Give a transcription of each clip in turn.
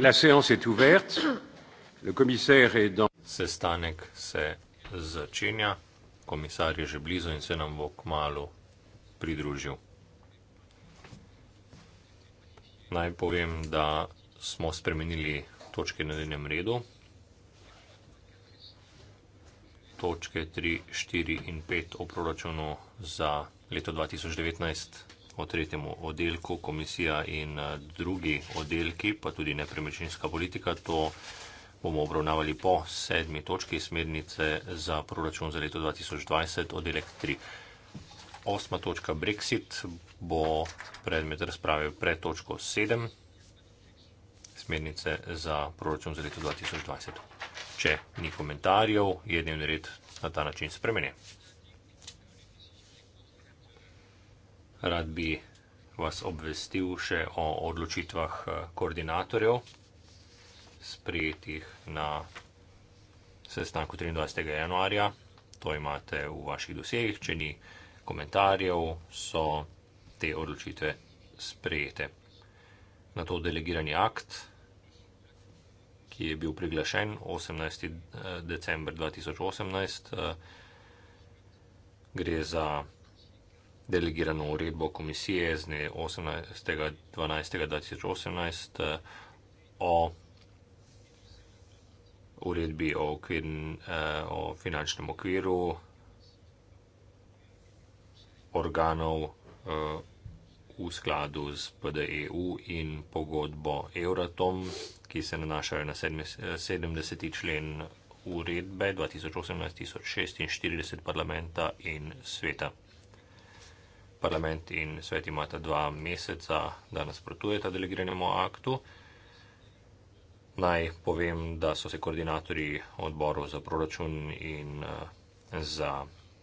La séance est ouverte. Le commissaire est dans... Sestanek se začenja. Komisar je že blizu in se nam bo k malu pridružil. Naj povem, da smo spremenili točke na denem redu. Točke 3, 4 in 5 o proračunu za leto 2019 o tretjem oddelku, komisija in eh, drugi oddelki, pa tudi nepremičninska politika. To bomo obravnavali po sedmi točki smernice za proračun za leto 2020, oddelek 3. Osma točka Brexit bo predmet razprave pred točko 7 smernice za proračun za leto 2020. Če ni komentarjev, je dnevni red na ta način spremenjen. rad bi vas obvestil še o odločitvah eh, koordinatorjev, sprejetih na sestanku 23. januarja. To imate v vaših dosegih, če ni komentarjev, so te odločitve sprejete. Na to delegirani akt, ki je bil priglašen 18. Eh, december 2018, eh, gre za delegirano uredbo komisije z dne 18.12.2018 eh, o uredbi o, okvir, eh, o finančnem okviru organov eh, v skladu z PDEU in pogodbo Euratom, ki se nanašajo na 70. člen uredbe 2018-1046 parlamenta in sveta parlament in svet imata dva meseca, da nasprotujeta delegiranemu aktu. Naj povem, da so se koordinatorji odborov za proračun in eh, za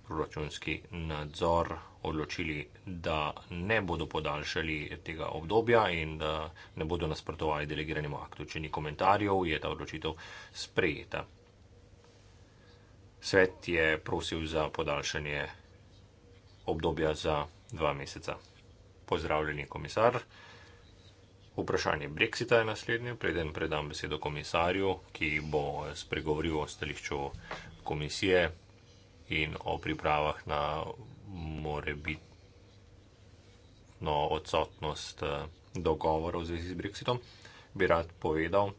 proračunski nadzor odločili, da ne bodo podaljšali tega obdobja in da ne bodo nasprotovali delegiranemu aktu. Če ni komentarjev, je ta odločitev sprejeta. Svet je prosil za podaljšanje obdobja za dva meseca. Pozdravljeni, komisar. Vprašanje Brexita je naslednje. Preden predam besedo komisarju, ki bo spregovoril o stališču komisije in o pripravah na morebitno odsotnost eh, dogovora v zvezi z Brexitom, bi rad povedal,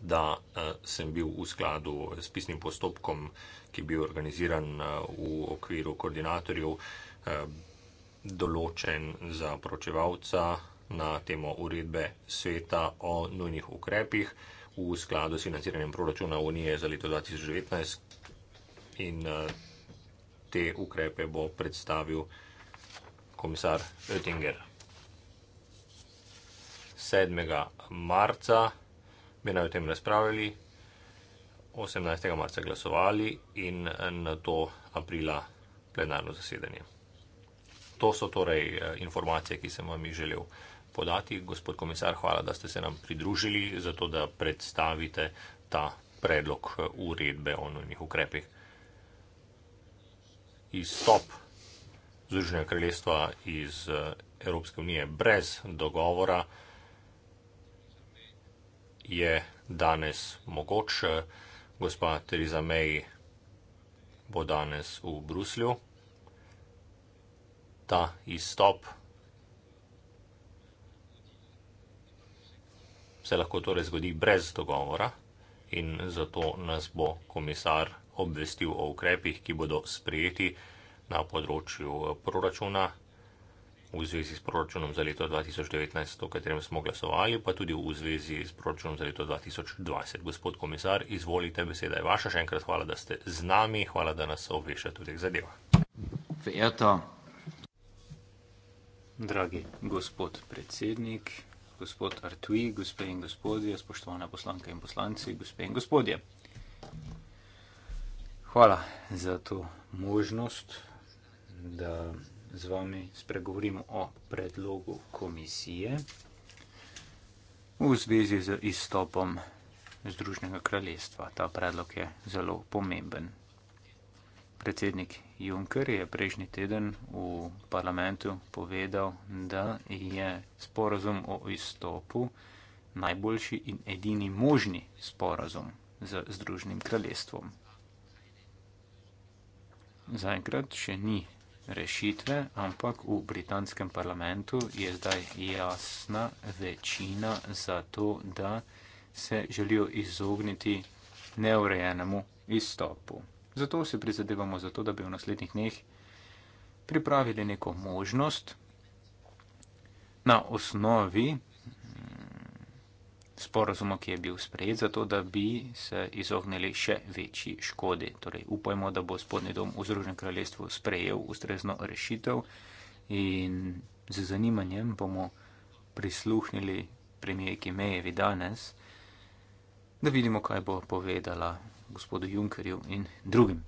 da eh, sem bil v skladu s pisnim postopkom, ki je bil organiziran eh, v okviru koordinatorjev določen za poročevalca na temo uredbe sveta o nujnih ukrepih v skladu s financiranjem proračuna Unije za leto 2019 in eh, te ukrepe bo predstavil komisar Oettinger. 7. marca bi naj o tem razpravljali, 18. marca glasovali in eh, nato aprila plenarno zasedanje. To so torej eh, informacije, ki sem vam jih želel podati. Gospod komisar, hvala, da ste se nam pridružili za to, da predstavite ta predlog eh, uredbe o nujnih ukrepih. Izstop Združenja kraljestva iz eh, Evropske unije brez dogovora je danes mogoč. Gospa Theresa May bo danes v Bruslju ta izstop. Se lahko torej zgodi brez dogovora in zato nas bo komisar obvestil o ukrepih, ki bodo sprejeti na področju proračuna v zvezi s proračunom za leto 2019, o katerem smo glasovali, pa tudi v zvezi s proračunom za leto 2020. Gospod komisar, izvolite, beseda je vaša. Še enkrat hvala, da ste z nami, hvala, da nas obvešate v teh zadevah. Verjeta Dragi gospod predsednik, gospod Artui, gospe in gospodje, spoštovane poslanke in poslanci, gospe in gospodje. Hvala za to možnost, da z vami spregovorim o predlogu komisije v zvezi z izstopom Združnega kraljestva. Ta predlog je zelo pomemben. Predsednik Juncker je prejšnji teden v parlamentu povedal, da je sporazum o izstopu najboljši in edini možni sporazum z Združnim kraljestvom. Zaenkrat še ni rešitve, ampak v britanskem parlamentu je zdaj jasna večina za to, da se želijo izogniti neurejenemu izstopu. Zato si prizadevamo za to, da bi v naslednjih dneh pripravili neko možnost na osnovi mm, sporozuma, ki je bil sprejet, zato da bi se izognili še večji škodi. Torej, upajmo, da bo spodnji dom v Združenem kraljestvu sprejel ustrezno rešitev in z zanimanjem bomo prisluhnili premijerki Mejevi danes, da vidimo, kaj bo povedala gospodu Junkerju in drugim.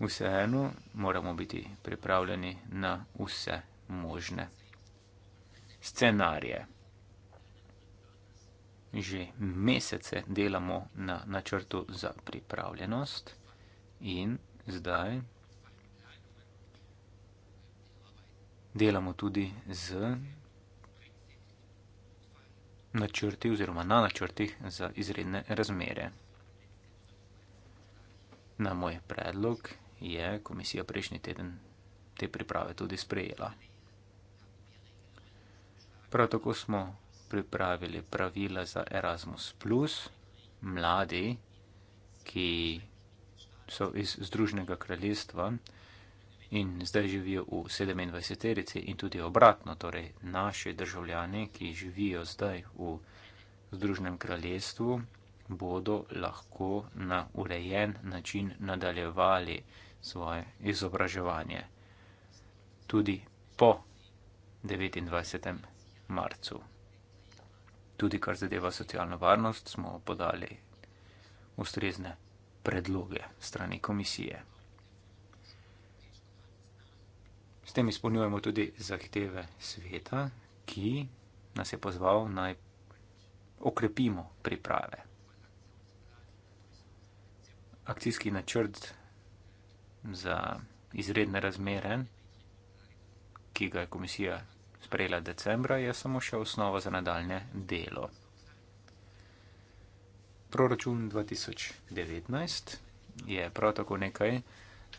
Vseeno moramo biti pripravljeni na vse možne scenarije. Že mesece delamo na načrtu za pripravljenost in zdaj delamo tudi z načrti oziroma na načrtih za izredne razmere. Na moj predlog je komisija prejšnji teden te priprave tudi sprejela. Prav tako smo pripravili pravila za Erasmus, mladi, ki so iz Združenega kraljestva in zdaj živijo v 27. in tudi obratno, torej naši državljani, ki živijo zdaj v Združenem kraljestvu, bodo lahko na urejen način nadaljevali svoje izobraževanje tudi po 29. marcu. Tudi kar zadeva socialno varnost, smo podali ustrezne predloge strani komisije. S tem izpolnjujemo tudi zahteve sveta, ki nas je pozval naj okrepimo priprave. Akcijski načrt za izredne razmere, ki ga je komisija sprejela decembra, je samo še osnova za nadaljne delo. Proračun 2019 je prav tako nekaj,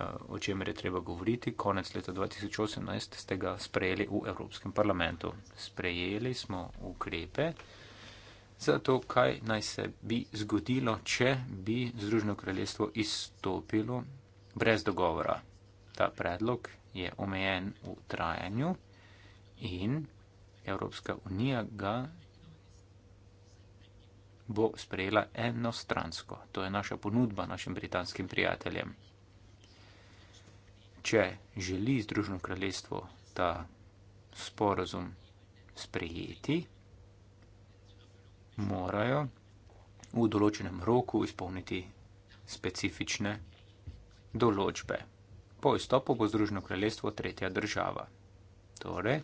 Eh, o čemer je treba govoriti, konec leta 2018 ste ga sprejeli v Evropskem parlamentu. Sprejeli smo ukrepe za to, kaj naj se bi zgodilo, če bi Združeno kraljestvo izstopilo brez dogovora. Ta predlog je omejen v trajanju in Evropska unija ga bo sprejela enostransko. To je naša ponudba našim britanskim prijateljem če želi Združeno kraljestvo ta sporozum sprejeti, morajo v določenem roku izpolniti specifične določbe. Po izstopu bo Združeno kraljestvo tretja država. Torej,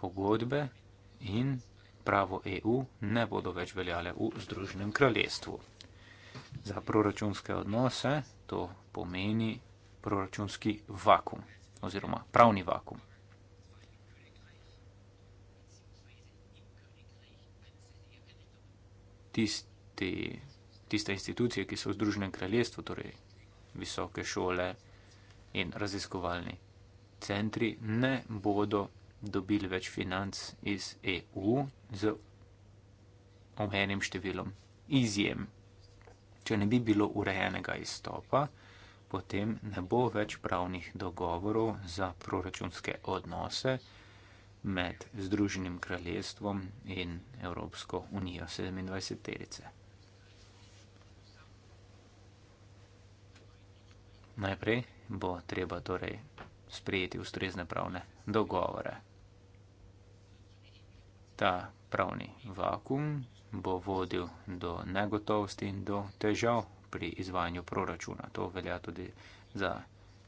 pogodbe in pravo EU ne bodo več veljale v Združenem kraljestvu. Za proračunske odnose to pomeni proračunski vakum oziroma pravni vakum. Tisti, tiste institucije, ki so v Združenem kraljestvu, torej visoke šole in raziskovalni centri, ne bodo dobili več financ iz EU z omenjenim številom izjem. Če ne bi bilo urejenega izstopa, potem ne bo več pravnih dogovorov za proračunske odnose med Združenim kraljestvom in Evropsko unijo 27. -terice. Najprej bo treba torej sprejeti ustrezne pravne dogovore. Ta pravni vakum bo vodil do negotovosti in do težav pri izvajanju proračuna. To velja tudi za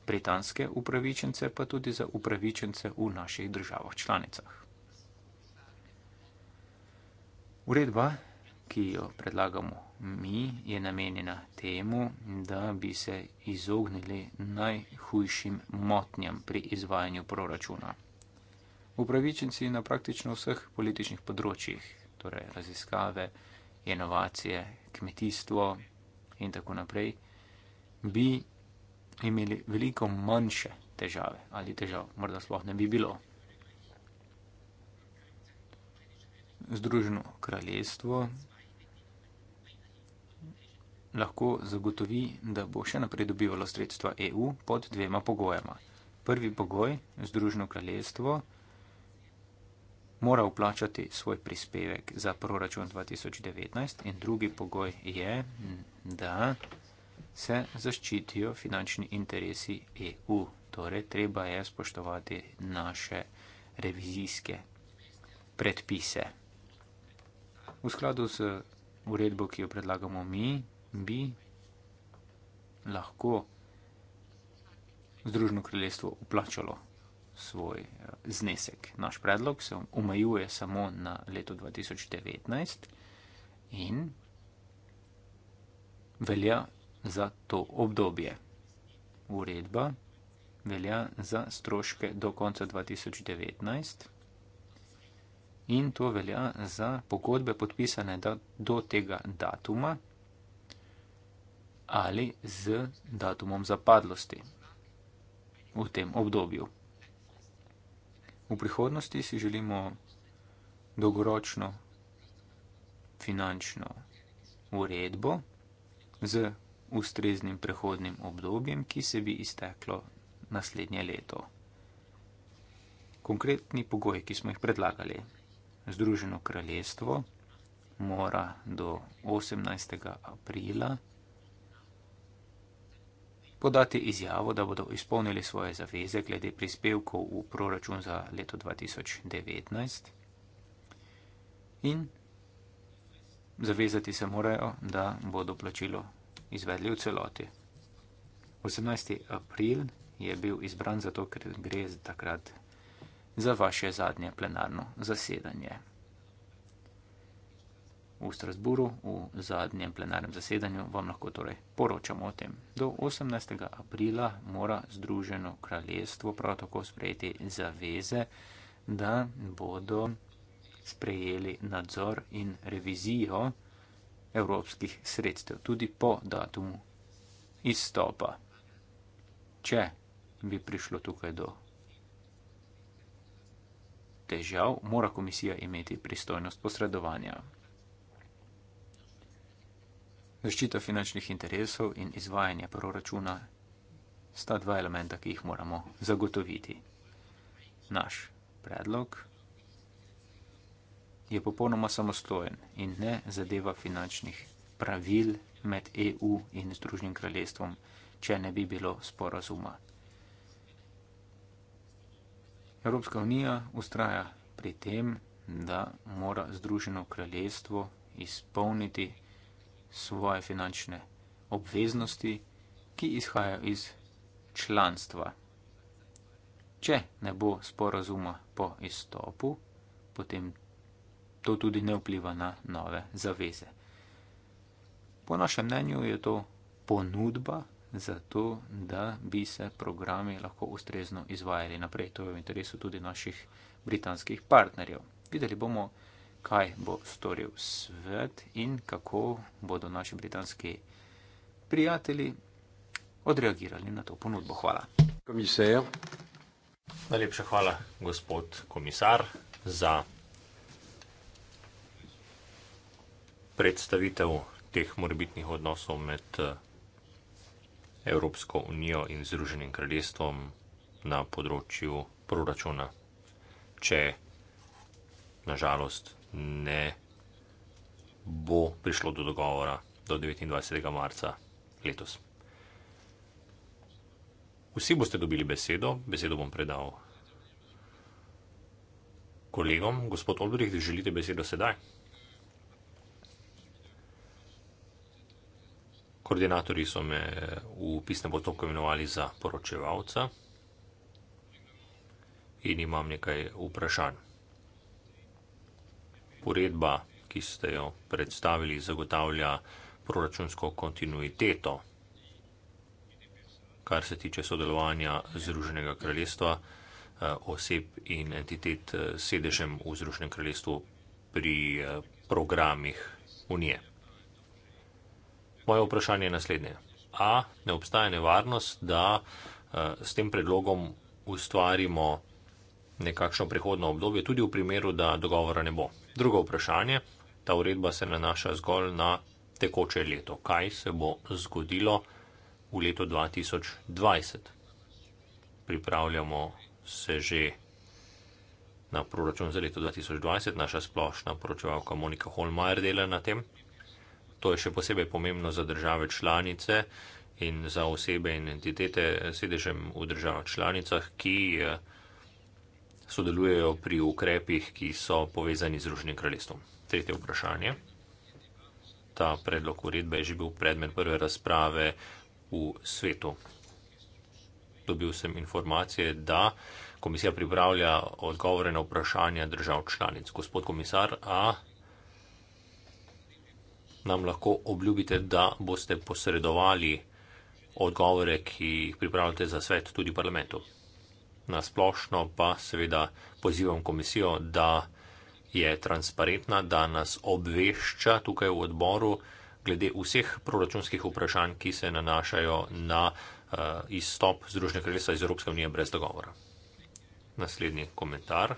britanske upravičence, pa tudi za upravičence v naših državah članicah. Uredba, ki jo predlagamo mi, je namenjena temu, da bi se izognili najhujšim motnjam pri izvajanju proračuna. Upravičenci na praktično vseh političnih področjih, torej raziskave, inovacije, kmetijstvo, in tako naprej, bi imeli veliko manjše težave ali težav, morda sploh ne bi bilo. Združeno kraljestvo lahko zagotovi, da bo še naprej dobivalo sredstva EU pod dvema pogojama. Prvi pogoj, Združeno kraljestvo, moral plačati svoj prispevek za proračun 2019 in drugi pogoj je, da se zaščitijo finančni interesi EU. Torej, treba je spoštovati naše revizijske predpise. V skladu z uredbo, ki jo predlagamo mi, bi lahko Združeno kraljestvo uplačalo svoj eh, znesek. Naš predlog se omejuje samo na leto 2019 in velja za to obdobje. Uredba velja za stroške do konca 2019 in to velja za pogodbe podpisane do tega datuma ali z datumom zapadlosti v tem obdobju. V prihodnosti si želimo dolgoročno finančno uredbo z ustreznim prehodnim obdobjem, ki se bi izteklo naslednje leto. Konkretni pogoji, ki smo jih predlagali. Združeno kraljestvo mora do 18. aprila podati izjavo, da bodo izpolnili svoje zaveze glede prispevkov v proračun za leto 2019 in zavezati se morajo, da bodo plačilo izvedli v celoti. 18. april je bil izbran zato, ker gre takrat za vaše zadnje plenarno zasedanje v Strasburu v zadnjem plenarnem zasedanju, vam lahko torej poročamo o tem. Do 18. aprila mora Združeno kraljestvo prav tako sprejeti zaveze, da bodo sprejeli nadzor in revizijo evropskih sredstev tudi po datumu izstopa. Če bi prišlo tukaj do težav, mora komisija imeti pristojnost posredovanja. Zaščita finančnih interesov in izvajanje proračuna sta dva elementa, ki jih moramo zagotoviti. Naš predlog je popolnoma samostojen in ne zadeva finančnih pravil med EU in Združenim kraljestvom, če ne bi bilo sporazuma. Evropska unija ustraja pri tem, da mora Združeno kraljestvo izpolniti svoje finančne obveznosti, ki izhajajo iz članstva. Če ne bo sporazuma po izstopu, potem to tudi ne vpliva na nove zaveze. Po našem mnenju je to ponudba za to, da bi se programi lahko ustrezno izvajali naprej. To je v interesu tudi naših britanskih partnerjev. Videli bomo, kaj bo storil svet in kako bodo naši britanski prijatelji odreagirali na to ponudbo. Hvala. Komisar. Najlepša hvala, gospod komisar, za predstavitev teh morbitnih odnosov med Evropsko unijo in Združenim kraljestvom na področju proračuna. Če nažalost ne bo prišlo do dogovora do 29. marca letos. Vsi boste dobili besedo, besedo bom predal kolegom. Gospod Olbrih, želite besedo sedaj? Koordinatorji so me v pisnem potoku imenovali za poročevalca in imam nekaj vprašanj usporedba, ki ste jo predstavili, zagotavlja proračunsko kontinuiteto, kar se tiče sodelovanja Združenega kraljestva eh, oseb in entitet eh, s sedežem v Združenem kraljestvu pri eh, programih Unije. Moje vprašanje je naslednje. A ne obstaja nevarnost, da s tem predlogom ustvarimo nekakšno prehodno obdobje, tudi v primeru, da dogovora ne bo. Drugo vprašanje, ta uredba se nanaša zgolj na tekoče leto. Kaj se bo zgodilo v letu 2020? Pripravljamo se že na proračun za leto 2020, naša splošna poročevalka Monika Holmajer dela na tem. To je še posebej pomembno za države članice in za osebe in entitete sedežem v državah članicah, ki je. Eh, sodelujejo pri ukrepih, ki so povezani z Združenim kraljestvom. Tretje vprašanje. Ta predlog uredbe je že bil predmet prve razprave v svetu. Dobil sem informacije, da komisija pripravlja odgovore na vprašanja držav članic. Gospod komisar, a nam lahko obljubite, da boste posredovali odgovore, ki jih pripravljate za svet tudi parlamentu? na splošno pa seveda pozivam komisijo, da je transparentna, da nas obvešča tukaj v odboru glede vseh proračunskih vprašanj, ki se nanašajo na uh, izstop Združenega kraljestva iz Evropske unije brez dogovora. Naslednji komentar.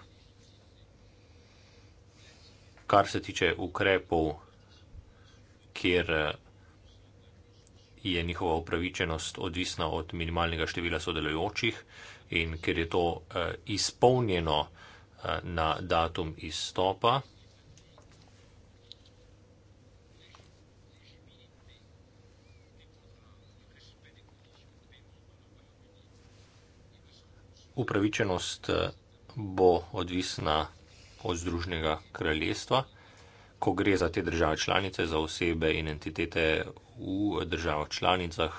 Kar se tiče ukrepov, kjer eh, je njihova upravičenost odvisna od minimalnega števila sodelujočih, uh, in ker je to eh, izpolnjeno eh, na datum izstopa. Upravičenost eh, bo odvisna od Združnega kraljestva, ko gre za te države članice, za osebe in entitete v državah članicah,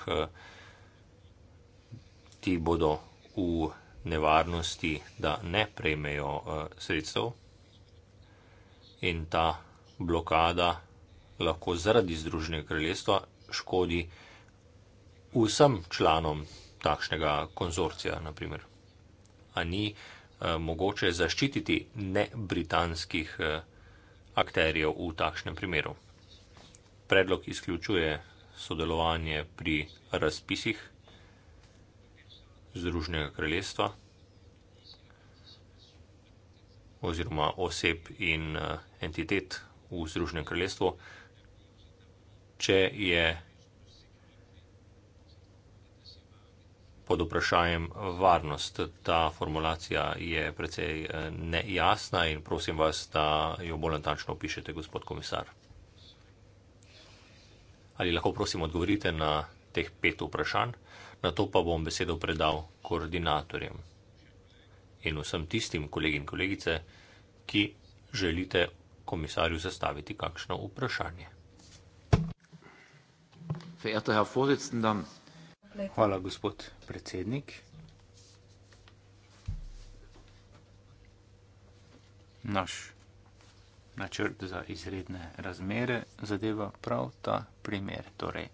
ti bodo v nevarnosti, da ne prejmejo eh, sredstev in ta blokada lahko zaradi Združenega kraljestva škodi vsem članom takšnega konzorcija, naprimer. A ni eh, mogoče zaščititi ne britanskih eh, akterjev v takšnem primeru. Predlog izključuje sodelovanje pri razpisih Združenega kraljestva oziroma oseb in eh, entitet v Združenem kraljestvu, če je pod vprašanjem varnost. Ta formulacija je precej eh, nejasna in prosim vas, da jo bolj natančno opišete, gospod komisar. Ali lahko prosim odgovorite na teh pet vprašanj? na to pa bom besedo predal koordinatorjem in vsem tistim kolegi in kolegice, ki želite komisarju zastaviti kakšno vprašanje. Hvala, gospod predsednik. Naš načrt za izredne razmere zadeva prav ta primer. Torej,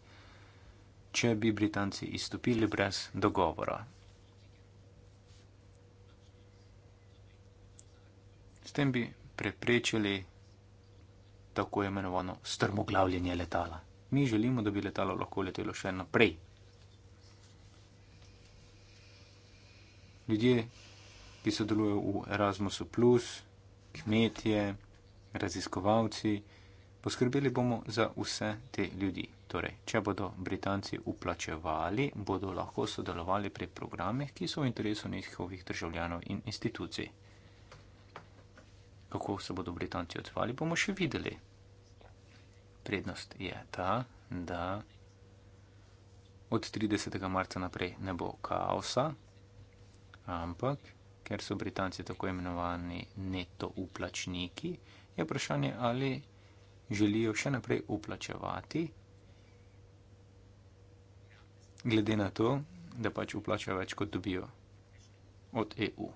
če bi Britanci izstopili brez dogovora. S tem bi preprečili tako imenovano strmoglavljanje letala. Mi želimo, da bi letalo lahko letelo še naprej. Ljudje, ki sodelujejo v Erasmusu, kmetje, raziskovalci, poskrbeli bomo za vse te ljudi. Torej, če bodo Britanci uplačevali, bodo lahko sodelovali pri programih, ki so v interesu njihovih državljanov in institucij. Kako se bodo Britanci odzvali, bomo še videli. Prednost je ta, da od 30. marca naprej ne bo kaosa, ampak ker so Britanci tako imenovani neto uplačniki, je vprašanje, ali želijo še naprej uplačevati glede na to, da pač uplačajo več, kot dobijo od EU.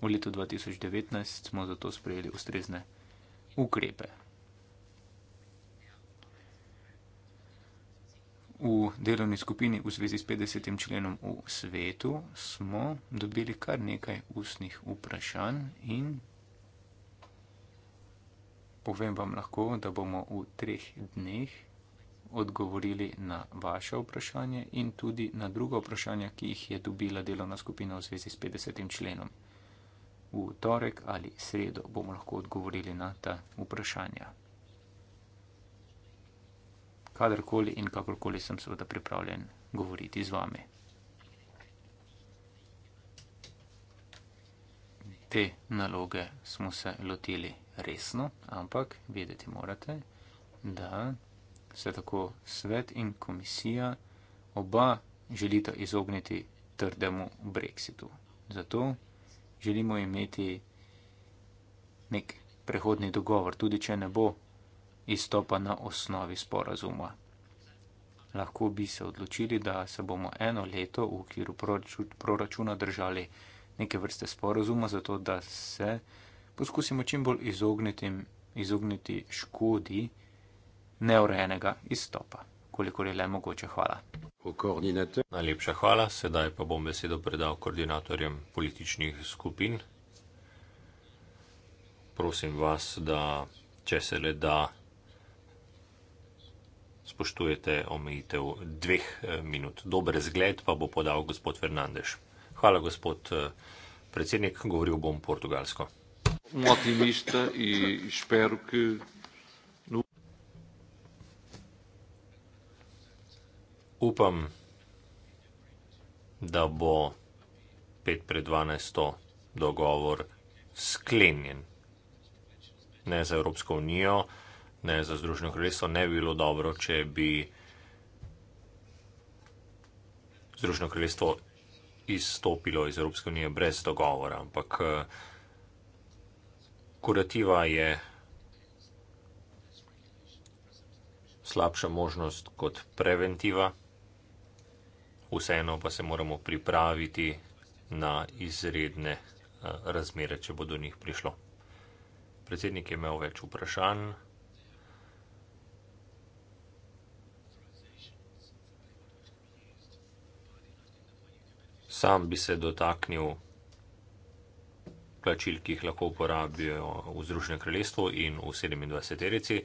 V letu 2019 smo zato sprejeli ustrezne ukrepe. V delovni skupini v zvezi s 50. členom v svetu smo dobili kar nekaj ustnih vprašanj in povem vam lahko, da bomo v treh dneh odgovorili na vaše vprašanje in tudi na druga vprašanja, ki jih je dobila delovna skupina v zvezi s 50. členom. V torek ali sredo bomo lahko odgovorili na ta vprašanja. Kadarkoli in kakorkoli sem seveda pripravljen govoriti z vami. Te naloge smo se lotili resno, ampak vedeti morate, da se tako svet in komisija oba želita izogniti trdemu brexitu. Zato želimo imeti nek prehodni dogovor, tudi če ne bo izstopa na osnovi sporazuma. Lahko bi se odločili, da se bomo eno leto v okviru proračuna držali neke vrste sporazuma, zato da se poskusimo čim bolj izogniti, izogniti škodi, neurejenega izstopa. Kolikor je le mogoče, hvala. Najlepša hvala, sedaj pa bom besedo predal koordinatorjem političnih skupin. Prosim vas, da če se le da, spoštujete omejitev dveh eh, minut. Dober zgled pa bo podal gospod Fernandez. Hvala, gospod eh, predsednik, govoril bom portugalsko. Motivista um in e šperk. Que... upam, da bo 5 pred 12 dogovor sklenjen. Ne za Evropsko unijo, ne za Združeno kraljestvo, ne bi bilo dobro, če bi Združeno kraljestvo izstopilo iz Evropske unije brez dogovora, ampak eh, kurativa je slabša možnost kot preventiva vseeno pa se moramo pripraviti na izredne eh, razmere, če bo do njih prišlo. Predsednik je imel več vprašanj. Sam bi se dotaknil plačil, ki jih lahko uporabijo v Združenem kraljestvu in v 27. reci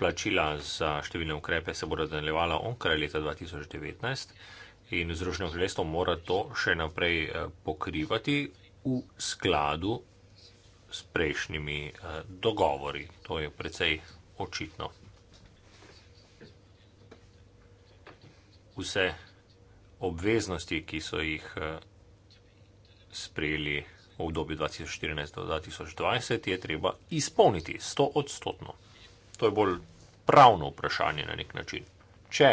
plačila za številne ukrepe se bodo nadaljevala onkraj leta 2019 in Združeno kraljestvo mora to še naprej eh, pokrivati v skladu s prejšnjimi eh, dogovori. To je precej očitno. Vse obveznosti, ki so jih eh, sprejeli v obdobju 2014-2020, je treba izpolniti 100 odstotno to je bolj pravno vprašanje na nek način. Če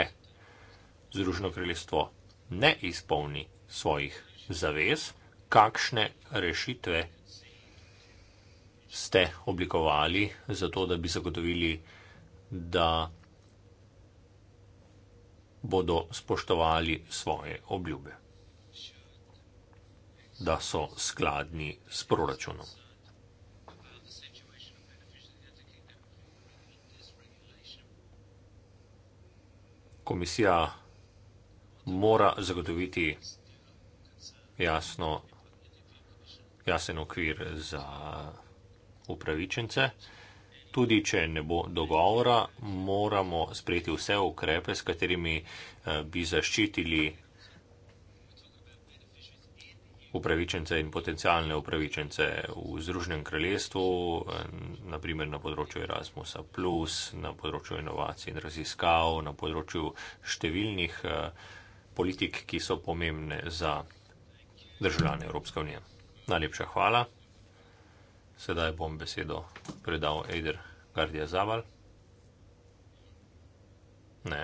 Združeno kraljestvo ne izpolni svojih zavez, kakšne rešitve ste oblikovali za to, da bi zagotovili, da bodo spoštovali svoje obljube, da so skladni s proračunom. komisija mora zagotoviti jasno, jasen okvir za upravičence. Tudi, če ne bo dogovora, moramo sprejeti vse ukrepe, s katerimi eh, bi zaščitili upravičence in potencijalne upravičence v Združenem kraljestvu, eh, naprimer na področju Erasmusa, na področju inovacij in raziskav, na področju številnih eh, politik, ki so pomembne za državljane Evropske unije. Najlepša hvala. Sedaj bom besedo predal Eider Gardija Zaval. Ne.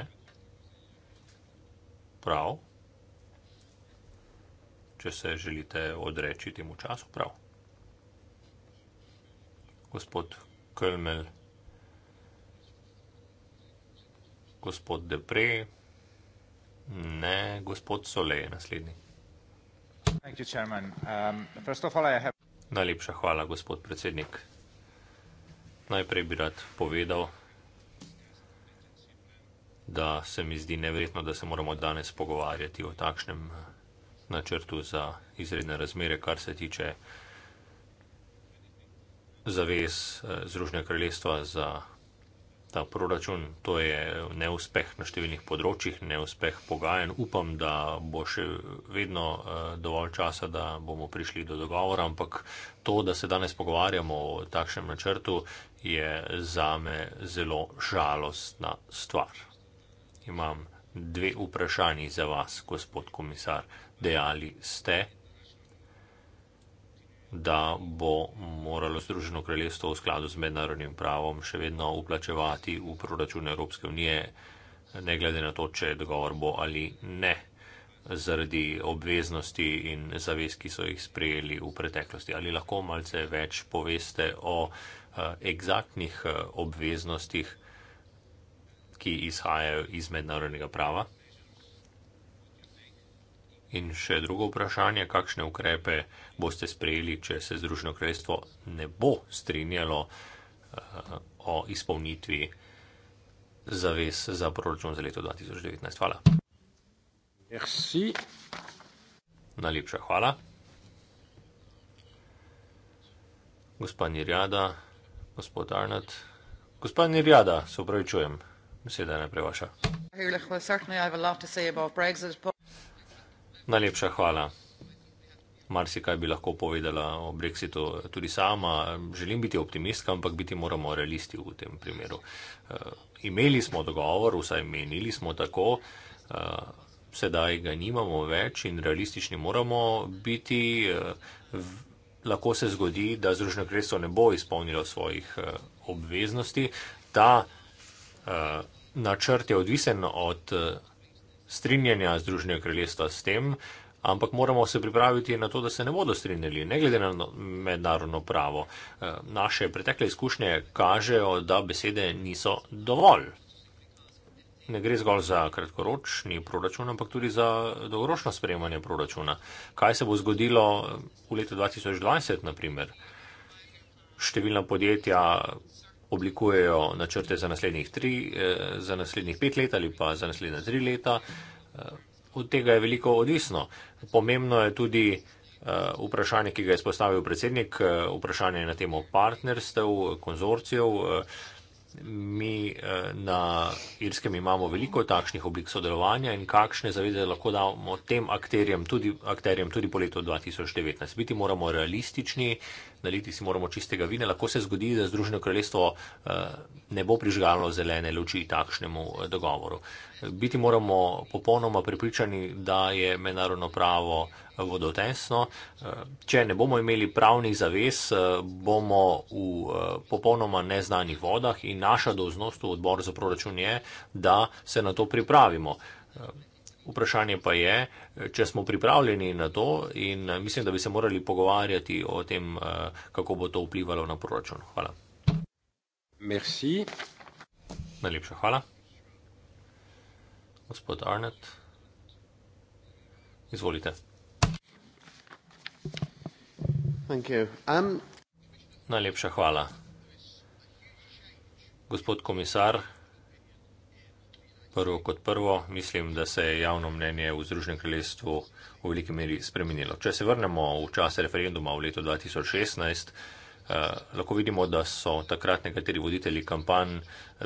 Prav če se želite odreči temu času prav. Gospod Kölmel, gospod Depre, ne, gospod Sole je naslednji. You, um, have... Najlepša hvala, gospod predsednik. Najprej bi rad povedal, da se mi zdi neverjetno, da se moramo danes pogovarjati o takšnem načrtu za izredne razmere, kar se tiče zavez eh, Združne kraljestva za ta proračun. To je neuspeh na številnih področjih, neuspeh pogajen. Upam, da bo še vedno eh, dovolj časa, da bomo prišli do dogovora, ampak to, da se danes pogovarjamo o takšnem načrtu, je za me zelo žalostna stvar. Imam dve vprašanji za vas, gospod komisar dejali ste, da bo moralo Združeno kraljestvo v skladu z mednarodnim pravom še vedno uplačevati v proračun Evropske unije, ne glede na to, če dogovor bo ali ne, zaradi obveznosti in zavez, ki so jih sprejeli v preteklosti. Ali lahko malce več poveste o egzaktnih eh, eh, obveznostih, ki izhajajo iz mednarodnega prava? In še drugo vprašanje, kakšne ukrepe boste sprejeli, če se Združeno kraljestvo ne bo strinjalo uh, o izpolnitvi zavez za proračun za leto 2019. Hvala. Merci. Najlepša hvala. Gospa Nirjada, gospod Arnat. Gospa Nirjada, se upravičujem, beseda je najprej vaša. Here, look, well, Najlepša hvala. Marsikaj bi lahko povedala o Brexitu tudi sama. Želim biti optimistka, ampak biti moramo realisti v tem primeru. E, imeli smo dogovor, vsaj menili smo tako, e, sedaj ga nimamo več in realistični moramo biti. E, v, lahko se zgodi, da Združeno kresto ne bo izpolnilo svojih e, obveznosti. Ta e, načrt je odvisen od. E, strinjanja Združenega kraljestva s tem, ampak moramo se pripraviti na to, da se ne bodo strinjali, ne glede na no, mednarodno pravo. Eh, naše pretekle izkušnje kažejo, da besede niso dovolj. Ne gre zgolj za kratkoročni proračun, ampak tudi za dolgoročno sprejemanje proračuna. Kaj se bo zgodilo v letu 2020, naprimer? Številna podjetja oblikujejo načrte za naslednjih, tri, eh, za naslednjih pet let ali pa za naslednja tri leta. Eh, od tega je veliko odvisno. Pomembno je tudi eh, vprašanje, ki ga je spostavil predsednik, vprašanje na temo partnerstev, konzorcijev. Mi na Irskem imamo veliko takšnih oblik sodelovanja in kakšne zaveze lahko damo tem akterjem tudi, akterjem tudi po letu 2019. Biti moramo realistični, naliti si moramo čistega vina. Lahko se zgodi, da Združeno kraljestvo eh, ne bo prižgalo zelene luči takšnemu eh, dogovoru. Biti moramo popolnoma pripričani, da je mednarodno pravo eh, vodotesno. Če ne bomo imeli pravnih zavez, bomo v popolnoma neznanih vodah in naša doznost v odbor za proračun je, da se na to pripravimo. Vprašanje pa je, če smo pripravljeni na to in eh, mislim, da bi se morali pogovarjati o tem, eh, kako bo to vplivalo na proračun. Hvala. Merci. Najlepša hvala. Gospod Arnett, izvolite. Um... Najlepša hvala. Gospod komisar. Prvo kot prvo, mislim, da se je javno mnenje v Združenem kraljestvu v veliki meri spremenilo. Če se vrnemo v čas referenduma v letu 2016, eh, lahko vidimo, da so takrat nekateri voditelji kampanj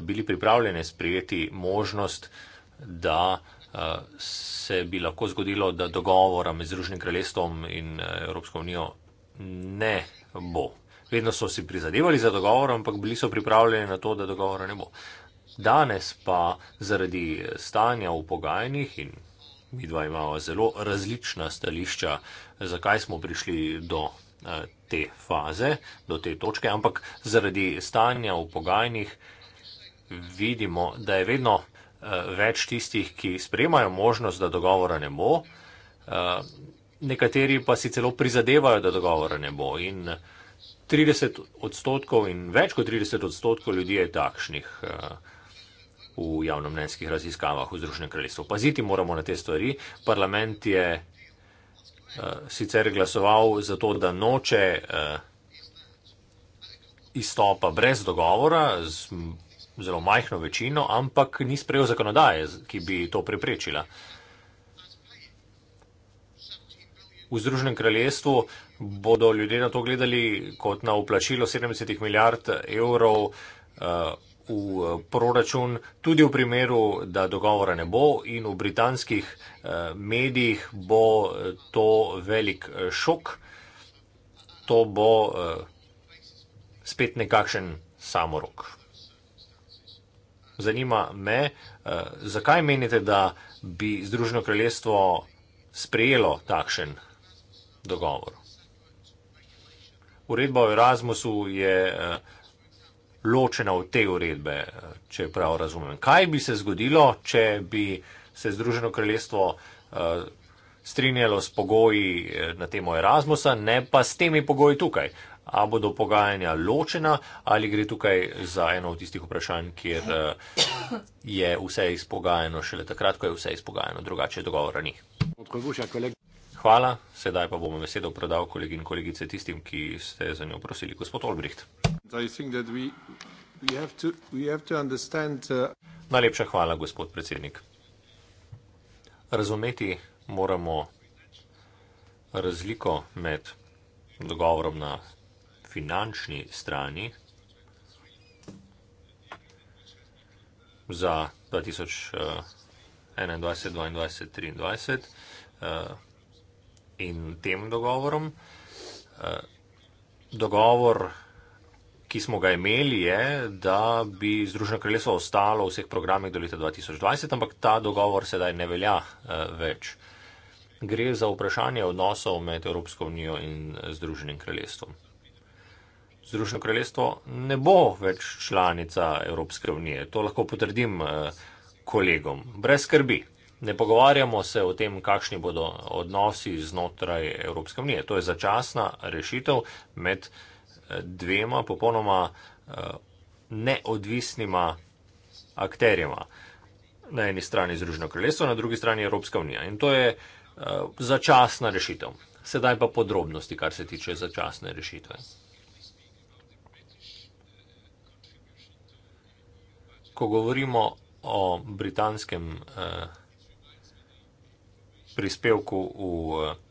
bili pripravljeni sprejeti možnost, da eh, se bi lahko zgodilo, da dogovora med Združenim kraljestvom in eh, Evropsko unijo ne bo. Vedno so si prizadevali za dogovor, ampak bili so pripravljeni na to, da dogovora ne bo. Danes pa zaradi stanja v pogajanjih in mi dva imamo zelo različna stališča, zakaj smo prišli do eh, te faze, do te točke, ampak zaradi stanja v pogajanjih vidimo, da je vedno eh, več tistih, ki spremajo možnost, da dogovora ne bo, eh, nekateri pa si celo prizadevajo, da dogovora ne bo. In 30 odstotkov in več kot 30 odstotkov ljudi je takšnih v javnomnenjskih raziskavah v Združenem kraljestvu. Paziti moramo na te stvari. Parlament je uh, sicer glasoval za to, da noče uh, izstopa brez dogovora z zelo majhno večino, ampak ni sprejel zakonodaje, ki bi to preprečila. V Združenem kraljestvu bodo ljudje na to gledali kot na uplačilo 70 milijard evrov. Uh, v eh, proračun, tudi v primeru, da dogovora ne bo in v britanskih eh, medijih bo eh, to velik šok. To bo spet nekakšen samorok. Zanima me, zakaj menite, da bi Združeno kraljestvo sprejelo takšen dogovor? Uredba o Erasmusu je uh, ločena od te uredbe, če prav razumem. Kaj bi se zgodilo, če bi se Združeno kraljestvo uh, strinjalo s pogoji eh, na temo Erasmusa, ne pa s temi pogoji tukaj? A bodo pogajanja ločena ali gre tukaj za eno od tistih vprašanj, kjer uh, je vse izpogajeno šele takrat, ko je vse izpogajeno, drugače dogovora ni. Hvala, sedaj pa bomo besedo predal kolegin kolegice tistim, ki ste za njo prosili, gospod Olbricht. Uh, Najlepša hvala, gospod predsednik. Razumeti moramo razliko med dogovorom na finančni strani za 2021-2023 eh, in tem dogovorom. Eh, dogovor ki smo ga imeli, je, da bi Združeno kraljestvo ostalo v vseh programih do leta 2020, ampak ta dogovor sedaj ne velja uh, več. Gre za vprašanje odnosov med Evropsko unijo in eh, Združenim kraljestvom. Združeno kraljestvo ne bo več članica Evropske unije, to lahko potrdim eh, kolegom. Brez skrbi, ne pogovarjamo se o tem, kakšni bodo odnosi znotraj Evropske unije. To je začasna rešitev med Evropsko unijo dvema popolnoma eh, neodvisnima akterjema. Na eni strani Združeno kraljestvo, na drugi strani Evropska unija. In to je eh, začasna rešitev. Sedaj pa podrobnosti, kar se tiče začasne rešitve. Ko govorimo o britanskem eh, prispevku v eh,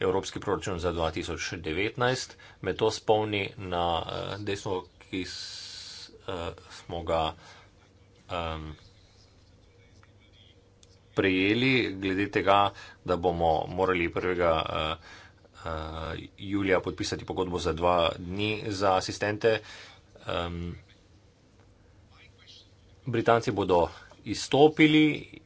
evropski proračun za 2019. Me to spomni na uh, eh, desno, ki s, uh, smo ga um, prejeli, glede tega, da bomo morali 1. Uh, eh, julija podpisati pogodbo za dva dni za asistente. Um, Britanci bodo izstopili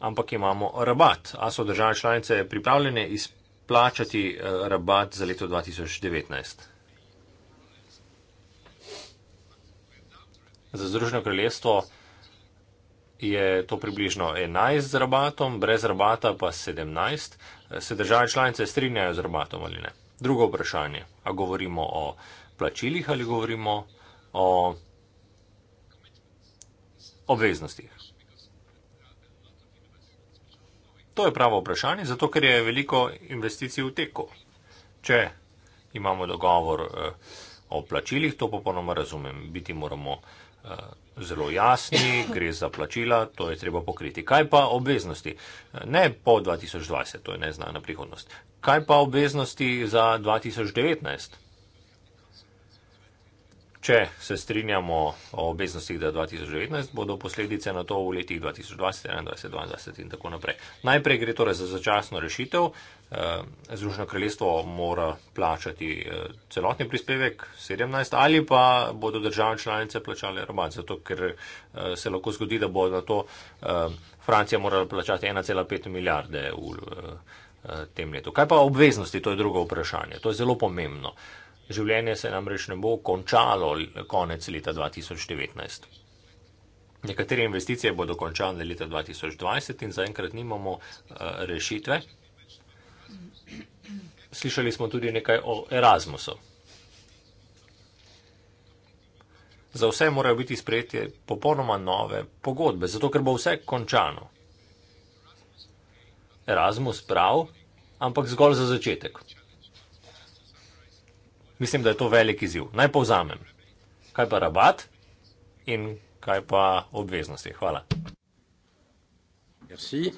ampak imamo rabat. A so države članice pripravljene izplačati eh, rabat za leto 2019? Za Združeno kraljestvo je to približno 11 z rabatom, brez rabata pa 17. Se države članice strinjajo z rabatom ali ne? Drugo vprašanje. A govorimo o plačilih ali govorimo o obveznostih? To je pravo vprašanje, zato ker je veliko investicij v teku. Če imamo dogovor eh, o plačilih, to popolnoma razumem. Biti moramo eh, zelo jasni, gre za plačila, to je treba pokriti. Kaj pa obveznosti? Ne po 2020, to je neznana prihodnost. Kaj pa obveznosti za 2019? Če se strinjamo o obveznostih do 2019, bodo posledice na to v letih 2020, 2021, 2022 in tako naprej. Najprej gre torej za začasno rešitev. Eh, Združeno kraljestvo mora plačati eh, celotni prispevek 17 ali pa bodo države članice plačale romant, zato ker eh, se lahko zgodi, da bo na to Francija morala plačati 1,5 milijarde v tem letu. Kaj pa obveznosti, to je drugo vprašanje, to je zelo pomembno. Življenje se namreč ne bo končalo konec leta 2019. Nekatere investicije bodo končane leta 2020 in zaenkrat nimamo eh, rešitve. Slišali smo tudi nekaj o Erasmusu. Za vse morajo biti sprejete popolnoma nove pogodbe, zato ker bo vse končano. Erasmus prav, ampak zgolj za začetek. Mislim, da je to velik izziv. Naj povzamem. Kaj pa rabat in kaj pa obveznosti? Hvala. Merci.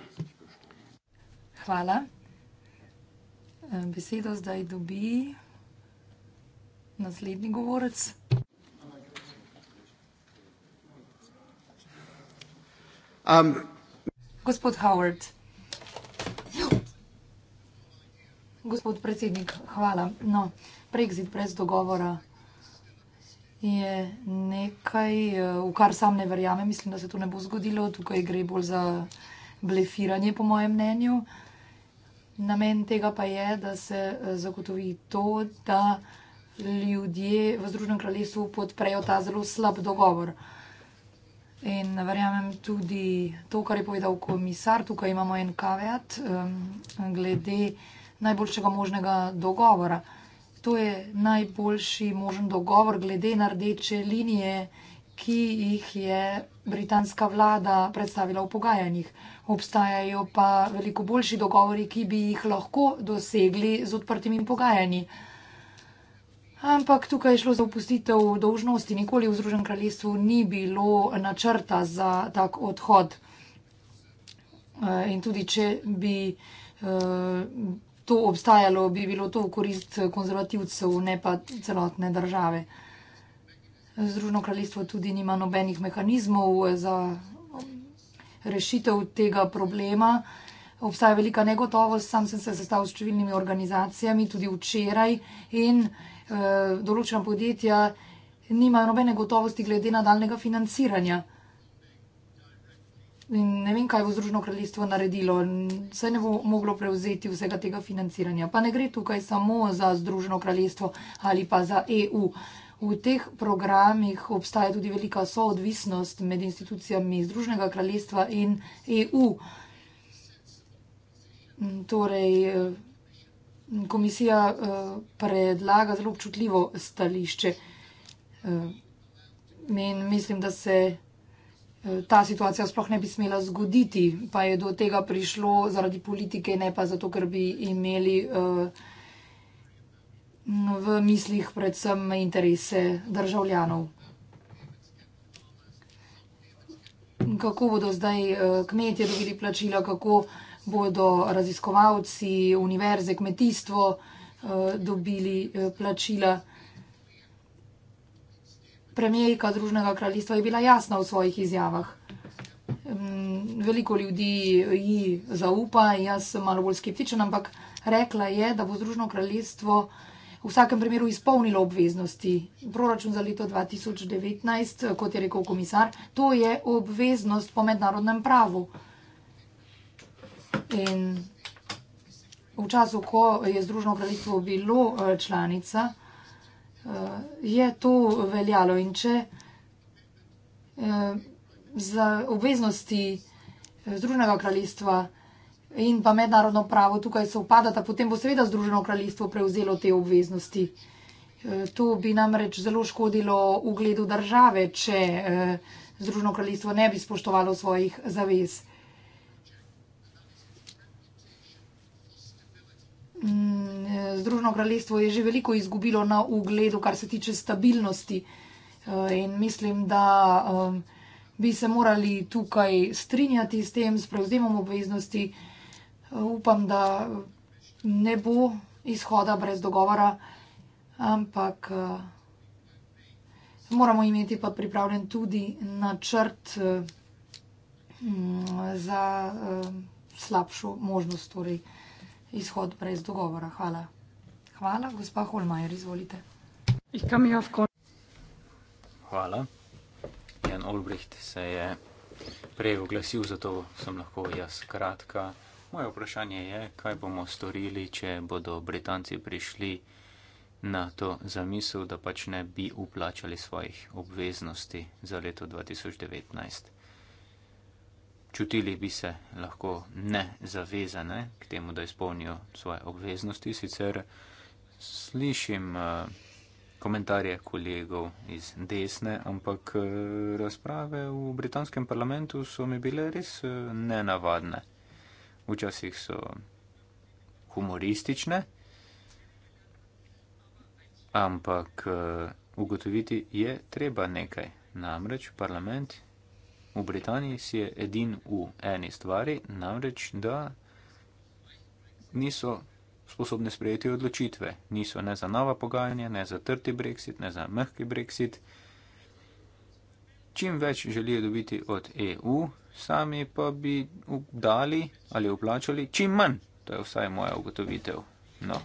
Hvala. Eh, besedo zdaj dobi naslednji govorec. Um. Gospod Howard. Gospod predsednik, hvala. No. Brexit brez dogovora je nekaj, eh, v kar sam ne verjamem. Mislim, da se to ne bo zgodilo. Tukaj gre bolj za blefiranje, po mojem mnenju. Namen tega pa je, da se eh, zagotovi to, da ljudje v Združenem kraljestvu podprejo ta zelo slab dogovor. In verjamem tudi to, kar je povedal komisar, tukaj imamo en kaveat um, glede najboljšega možnega dogovora. To je najboljši možen dogovor glede na rdeče linije, ki jih je britanska vlada predstavila v pogajanjih. Obstajajo pa veliko boljši dogovori, ki bi jih lahko dosegli z odprtimi pogajanji. Ampak tukaj je šlo za opustitev dolžnosti. Nikoli v Združenem kraljestvu ni bilo načrta za tak odhod. Eh, in tudi, če bi eh, to obstajalo, bi bilo to v korist eh, konzervativcev, ne pa celotne države. Združeno kraljestvo tudi nima nobenih mehanizmov eh, za eh, rešitev tega problema. Obstaja velika negotovost, sam sem se sestavil s številnimi organizacijami, tudi včeraj, in e, določena podjetja nimajo nobene gotovosti glede nadaljnega financiranja. In ne vem, kaj bo Združeno kraljestvo naredilo, se ne bo moglo prevzeti vsega tega financiranja. Pa ne gre tukaj samo za Združeno kraljestvo ali pa za EU. V teh programih obstaja tudi velika soodvisnost med institucijami Združenega kraljestva in EU. Torej, e, komisija e, predlaga zelo občutljivo stališče. In e, mislim, da se Eh, ta situacija sploh ne bi smela zgoditi, pa je do tega prišlo zaradi politike, ne pa zato, ker bi imeli eh, v mislih predvsem interese državljanov. Kako bodo zdaj eh, kmetje dobili plačila, kako bodo raziskovalci, univerze, kmetijstvo dobili plačila premijejka Združenega kraljestva je bila jasna v svojih izjavah. Mm, veliko ljudi ji zaupa, jaz sem malo bolj skeptičen, ampak rekla je, da bo Združeno kraljestvo v vsakem primeru izpolnilo obveznosti. Proračun za leto 2019, kot je rekel komisar, to je obveznost po mednarodnem pravu. In v času, ko je Združeno kraljestvo bilo eh, članica, Eh, je to veljalo in če eh, za obveznosti eh, Združenega kraljestva in pa mednarodno pravo tukaj se upadata, potem bo seveda Združeno kraljestvo prevzelo te obveznosti. To bi namreč zelo škodilo v gledu države, če Združeno kraljestvo ne bi spoštovalo svojih zavez. Hmm. Združeno kraljestvo je že veliko izgubilo na ugledu, kar se tiče stabilnosti. Eh, in mislim, da eh, bi se morali tukaj strinjati s tem, s prevzemom obveznosti. Eh, upam, da ne bo izhoda brez dogovora, ampak moramo imeti pa pripravljen tudi načrt mm, za slabšo možnost. Torej izhod brez dogovora. Hvala. Hvala, gospa Holmajer, izvolite. Hvala. Jan Olbricht se je prej oglasil, zato sem lahko jaz kratka. Moje vprašanje je, kaj bomo storili, če bodo Britanci prišli na to zamisel, da pač ne bi uplačali svojih obveznosti za leto 2019 čutili bi se lahko nezavezane k temu, da izpolnijo svoje obveznosti. Sicer slišim eh, komentarje kolegov iz desne, ampak eh, razprave v britanskem parlamentu so mi bile res eh, nenavadne. Včasih so humoristične, ampak ugotoviti je treba nekaj. Namreč parlament v Britaniji si je edin v eni stvari, namreč, da niso sposobni sprejeti odločitve. Niso ne za nova pogajanja, ne za trti brexit, ne za mehki brexit. Čim več želijo dobiti od EU, sami pa bi dali ali uplačali čim manj. To je vsaj moja ugotovitev. No.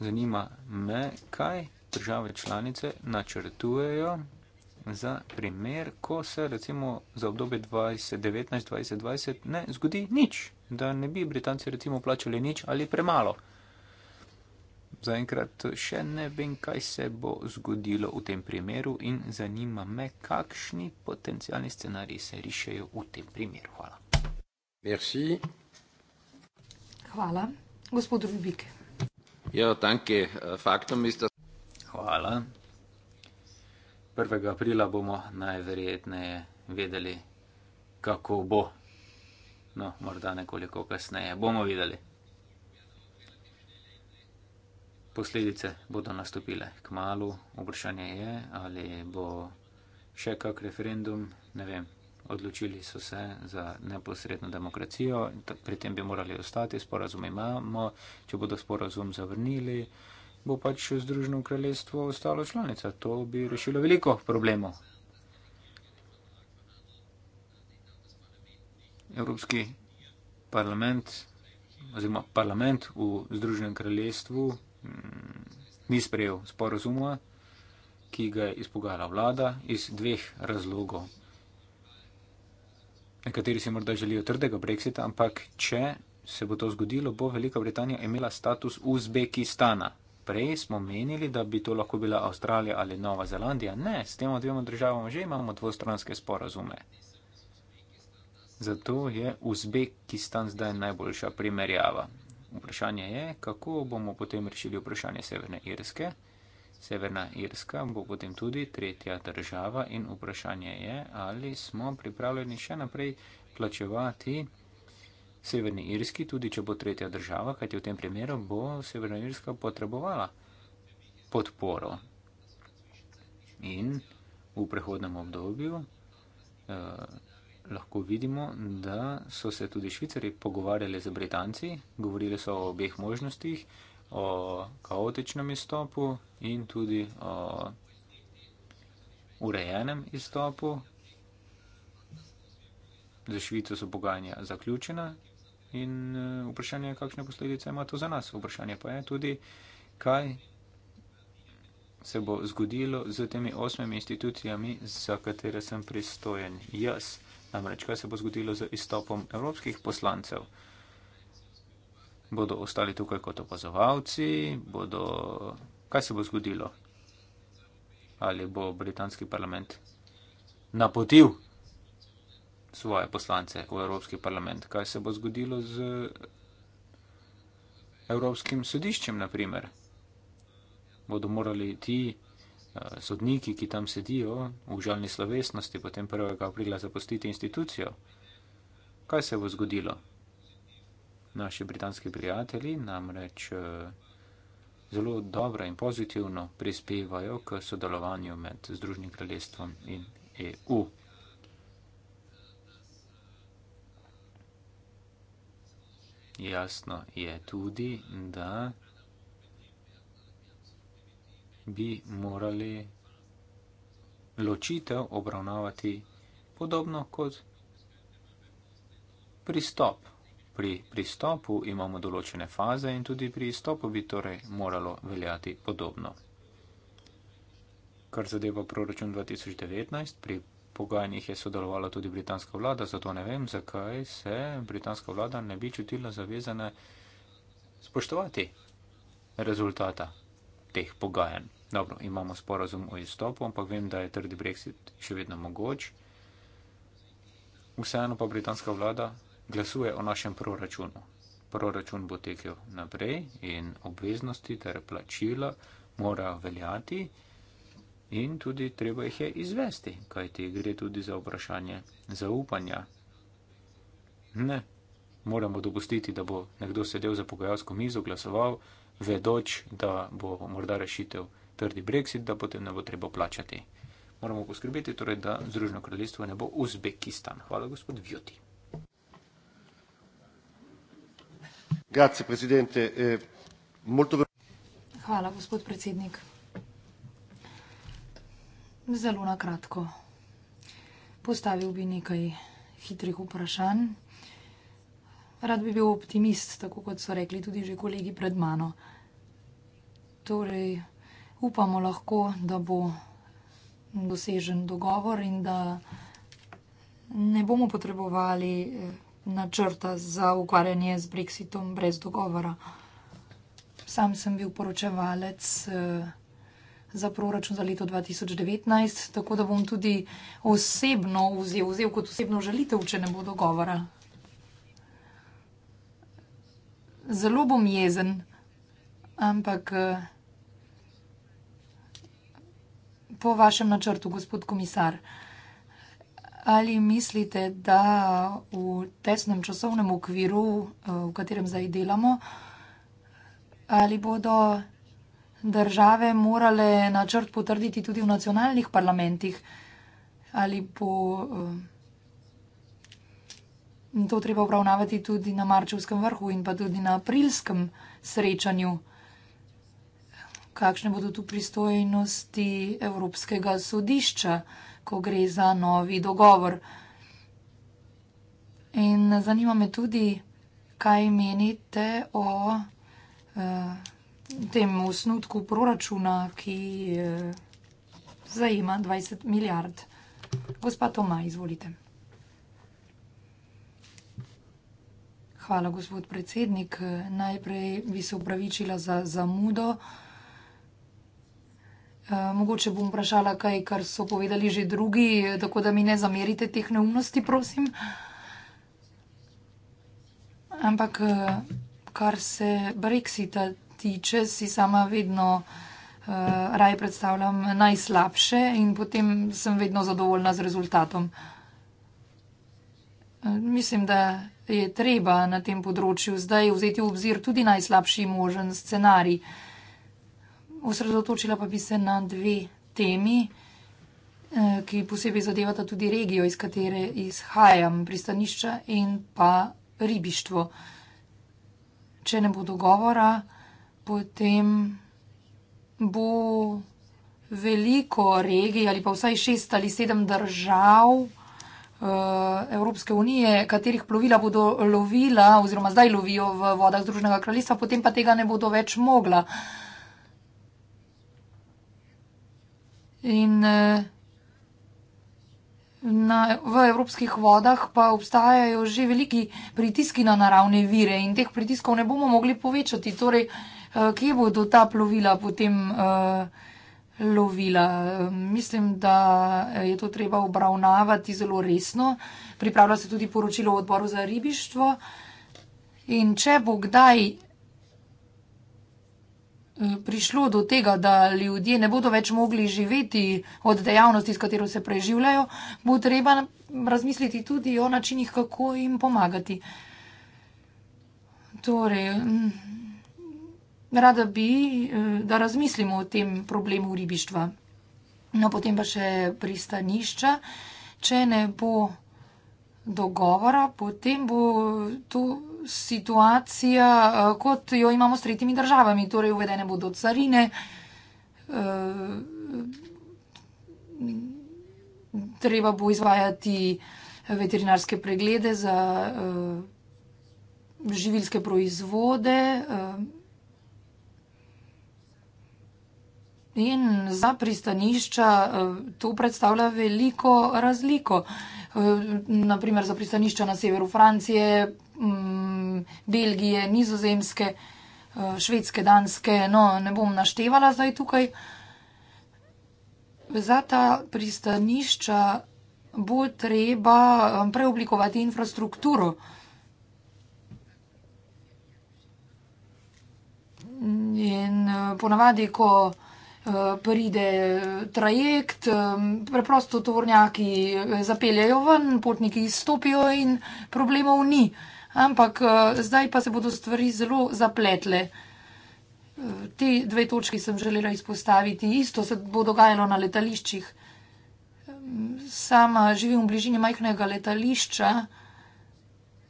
Zanima me, kaj države članice načrtujejo za primer, ko se recimo za obdobje 2019-2020 ne zgodi nič, da ne bi Britanci recimo plačali nič ali premalo. Zaenkrat še ne vem, kaj se bo zgodilo v tem primeru in zanima me, kakšni potencijalni scenariji se rišejo v tem primeru. Hvala. Merci. Hvala. Gospod Rubik. Ja, danke. Eh, Faktom, mister. Hvala. 1. aprila bomo najverjetneje vedeli, kako bo. No, morda nekoliko kasneje bomo videli. Posledice bodo nastopile k malu. Vprašanje je, ali bo še kak referendum, ne vem. Odločili so se za neposredno demokracijo, pri tem bi morali ostati, sporazum imamo, če bodo sporazum zavrnili bo pač Združeno kraljestvo ostalo članica. To bi rešilo veliko problemov. Evropski parlament oziroma parlament v Združenem kraljestvu mm, ni sprejel sporozuma, ki ga je izpogajala vlada iz dveh razlogov. Nekateri si morda želijo trdega brexita, ampak če se bo to zgodilo, bo Velika Britanija imela status Uzbekistana prej smo menili, da bi to lahko bila Avstralija ali Nova Zelandija. Ne, s tem dvema državama že imamo dvostranske sporazume. Zato je Uzbekistan zdaj najboljša primerjava. Vprašanje je, kako bomo potem rešili vprašanje Severne Irske. Severna Irska bo potem tudi tretja država in vprašanje je, ali smo pripravljeni še naprej plačevati Severni Irski, tudi če bo tretja država, kajti v tem primeru bo Severna Irska potrebovala podporo. In v prehodnem obdobju eh, lahko vidimo, da so se tudi Švicari pogovarjali z Britanci, govorili so o obeh možnostih, o kaotičnem izstopu in tudi o urejenem izstopu. Za Švico so pogajanja zaključena In e, vprašanje je, kakšne posledice ima to za nas. Vprašanje pa je tudi, kaj se bo zgodilo z temi osmimi institucijami, za katere sem pristojen jaz. Namreč, kaj se bo zgodilo z izstopom evropskih poslancev? Bodo ostali tukaj kot opazovalci? Bodo... Kaj se bo zgodilo? Ali bo britanski parlament napotil svoje poslance v Evropski parlament. Kaj se bo zgodilo z Evropskim sodiščem, naprimer? Bodo morali ti eh, sodniki, ki tam sedijo, v žalni slovesnosti, potem 1. aprila zapustiti institucijo. Kaj se bo zgodilo? Naši britanski prijatelji namreč eh, zelo dobro in pozitivno prispevajo k sodelovanju med Združenim kraljestvom in EU. jasno je tudi, da bi morali ločitev obravnavati podobno kot pristop. Pri pristopu imamo določene faze in tudi pri izstopu bi torej moralo veljati podobno. Kar zadeva proračun 2019, pri pogajanjih je sodelovala tudi britanska vlada, zato ne vem, zakaj se britanska vlada ne bi čutila zavezane spoštovati rezultata teh pogajanj. Dobro, imamo sporazum o izstopu, ampak vem, da je trdi brexit še vedno mogoč. Vseeno pa britanska vlada glasuje o našem proračunu. Proračun bo tekel naprej in obveznosti ter plačila morajo veljati in tudi treba jih je izvesti, kajti gre tudi za vprašanje zaupanja. Ne, moramo dopustiti, da bo nekdo sedel za pogajalsko mizo, glasoval, vedoč, da bo morda rešitev trdi brexit, da potem ne bo treba plačati. Moramo poskrbeti torej, da Združeno kraljestvo ne bo Uzbekistan. Hvala, gospod Vjoti. Grazie, eh, Hvala, gospod predsednik. Zelo na kratko. Postavil bi nekaj hitrih vprašanj. Rad bi bil optimist, tako kot so rekli tudi že kolegi pred mano. Torej, upamo lahko, da bo dosežen dogovor in da ne bomo potrebovali eh, načrta za ukvarjanje z Brexitom brez dogovora. Sam sem bil poročevalec. Eh, za proračun za leto 2019, tako da bom tudi osebno vzel, vzel kot osebno želitev, če ne bo dogovora. Zelo bom jezen, ampak po vašem načrtu, gospod komisar, ali mislite, da v tesnem časovnem okviru, v katerem zdaj delamo, ali bodo države morale načrt potrditi tudi v nacionalnih parlamentih ali po. Um, in to treba obravnavati tudi na marčevskem vrhu in pa tudi na aprilskem srečanju, kakšne bodo tu pristojnosti Evropskega sodišča, ko gre za novi dogovor. In zanima me tudi, kaj menite o uh, tem osnutku proračuna, ki eh, zajema 20 milijard. Gospa Toma, izvolite. Hvala, gospod predsednik. Najprej bi se upravičila za zamudo. E, mogoče bom vprašala kaj, kar so povedali že drugi, eh, tako da mi ne zamerite teh neumnosti, prosim. Ampak eh, kar se Brexita tiče, si sama vedno uh, raje predstavljam najslabše in potem sem vedno zadovoljna z rezultatom. Eh, mislim, da je treba na tem področju zdaj vzeti v obzir tudi najslabši možen scenarij. Osredotočila pa bi se na dve temi, eh, ki posebej zadevata tudi regijo, iz katere izhajam, pristanišča in pa ribištvo. Če ne bo dogovora, potem bo veliko regij ali pa vsaj šest ali sedem držav uh, Evropske unije, katerih plovila bodo lovila oziroma zdaj lovijo v vodah Združenega kraljestva, potem pa tega ne bodo več mogla. In eh, na, v evropskih vodah pa obstajajo že veliki pritiski na naravne vire in teh pritiskov ne bomo mogli povečati. Torej, uh, Eh, kje bodo ta plovila potem uh, lovila. Mislim, da je to treba obravnavati zelo resno. Pripravlja se tudi poročilo odboru za ribištvo. In če bo kdaj eh, prišlo do tega, da ljudje ne bodo več mogli živeti od dejavnosti, s katero se preživljajo, bo treba razmisliti tudi o načinih, kako jim pomagati. Torej, mm, Rada bi, eh, da razmislimo o tem problemu ribištva. No, potem pa še pristanišča. Če ne bo dogovora, potem bo tu situacija, eh, kot jo imamo s tretjimi državami, torej uvedene bodo carine, eh, treba bo izvajati veterinarske preglede za živilske proizvode. In za pristanišča eh, to predstavlja veliko razliko. Eh, Naprimer za pristanišča na severu Francije, mm, Belgije, Nizozemske, eh, Švedske, Danske, no ne bom naštevala zdaj tukaj. Za ta pristanišča bo treba preoblikovati infrastrukturo. In ponavadi, ko Eh, pride eh, trajekt, eh, preprosto tovornjaki zapeljajo ven, potniki izstopijo in problemov ni. Ampak zdaj pa se bodo stvari zelo zapletle. Te dve točki sem želela izpostaviti. Isto se bo dogajalo na letališčih. Sama živim v bližini majhnega letališča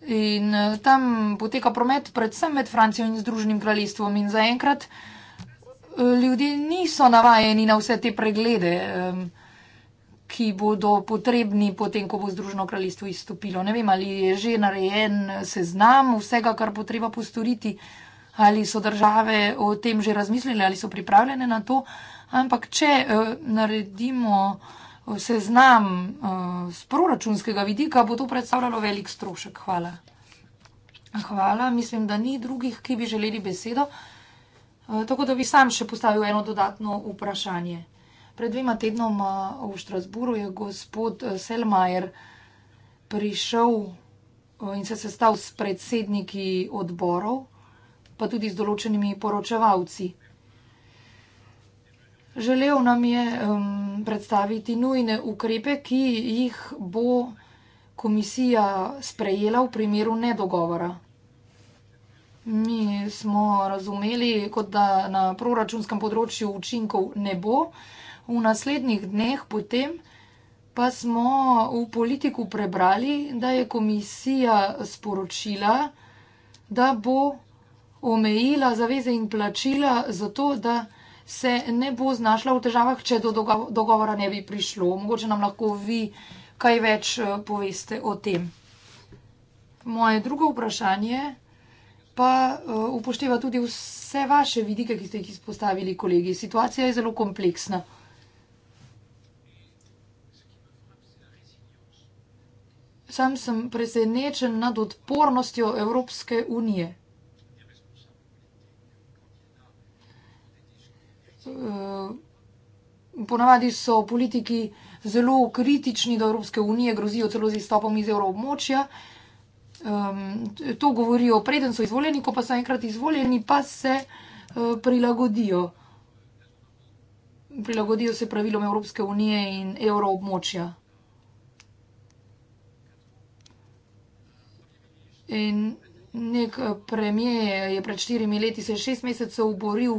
in tam poteka promet predvsem med Francijo in Združenim kraljestvom in zaenkrat ljudje niso navajeni na vse te preglede, um, ki bodo potrebni potem, ko bo Združeno kraljestvo izstopilo. Ne vem, ali je že narejen seznam vsega, kar bo treba postoriti, ali so države o tem že razmislili, ali so pripravljene na to. Ampak, če uh, naredimo eh, seznam uh, eh, z proračunskega vidika, bo to predstavljalo velik strošek. Hvala. Hvala, mislim, da ni drugih, ki bi želeli besedo. Eh, tako da bi sam še postavil eno dodatno vprašanje. Pred dvema tednoma eh, v Štrasburu je gospod eh, Selmajer prišel in se sestal s predsedniki odborov, pa tudi z določenimi poročevalci. Želel nam je um, predstaviti nujne ukrepe, ki jih bo komisija sprejela v primeru nedogovora mi smo razumeli, kot da na proračunskem področju učinkov ne bo. V naslednjih dneh potem pa smo v politiku prebrali, da je komisija sporočila, da bo omejila zaveze in plačila zato, da se ne bo znašla v težavah, če do dogovora ne bi prišlo. Mogoče nam lahko vi kaj več eh, poveste o tem. Moje drugo vprašanje je, pa uh, upošteva tudi vse vaše vidike, ki ste jih izpostavili, kolegi. Situacija je zelo kompleksna. Sam sem presenečen nad odpornostjo Evropske unije. Eh, ponavadi so politiki zelo kritični do Evropske unije, grozijo celo z izstopom iz evroobmočja um, to govorijo, preden so izvoljeni, ko pa so enkrat izvoljeni, pa se uh, prilagodijo. Prilagodijo se pravilom Evropske unije in evroobmočja. In nek uh, premije je pred štirimi leti se šest mesecev boril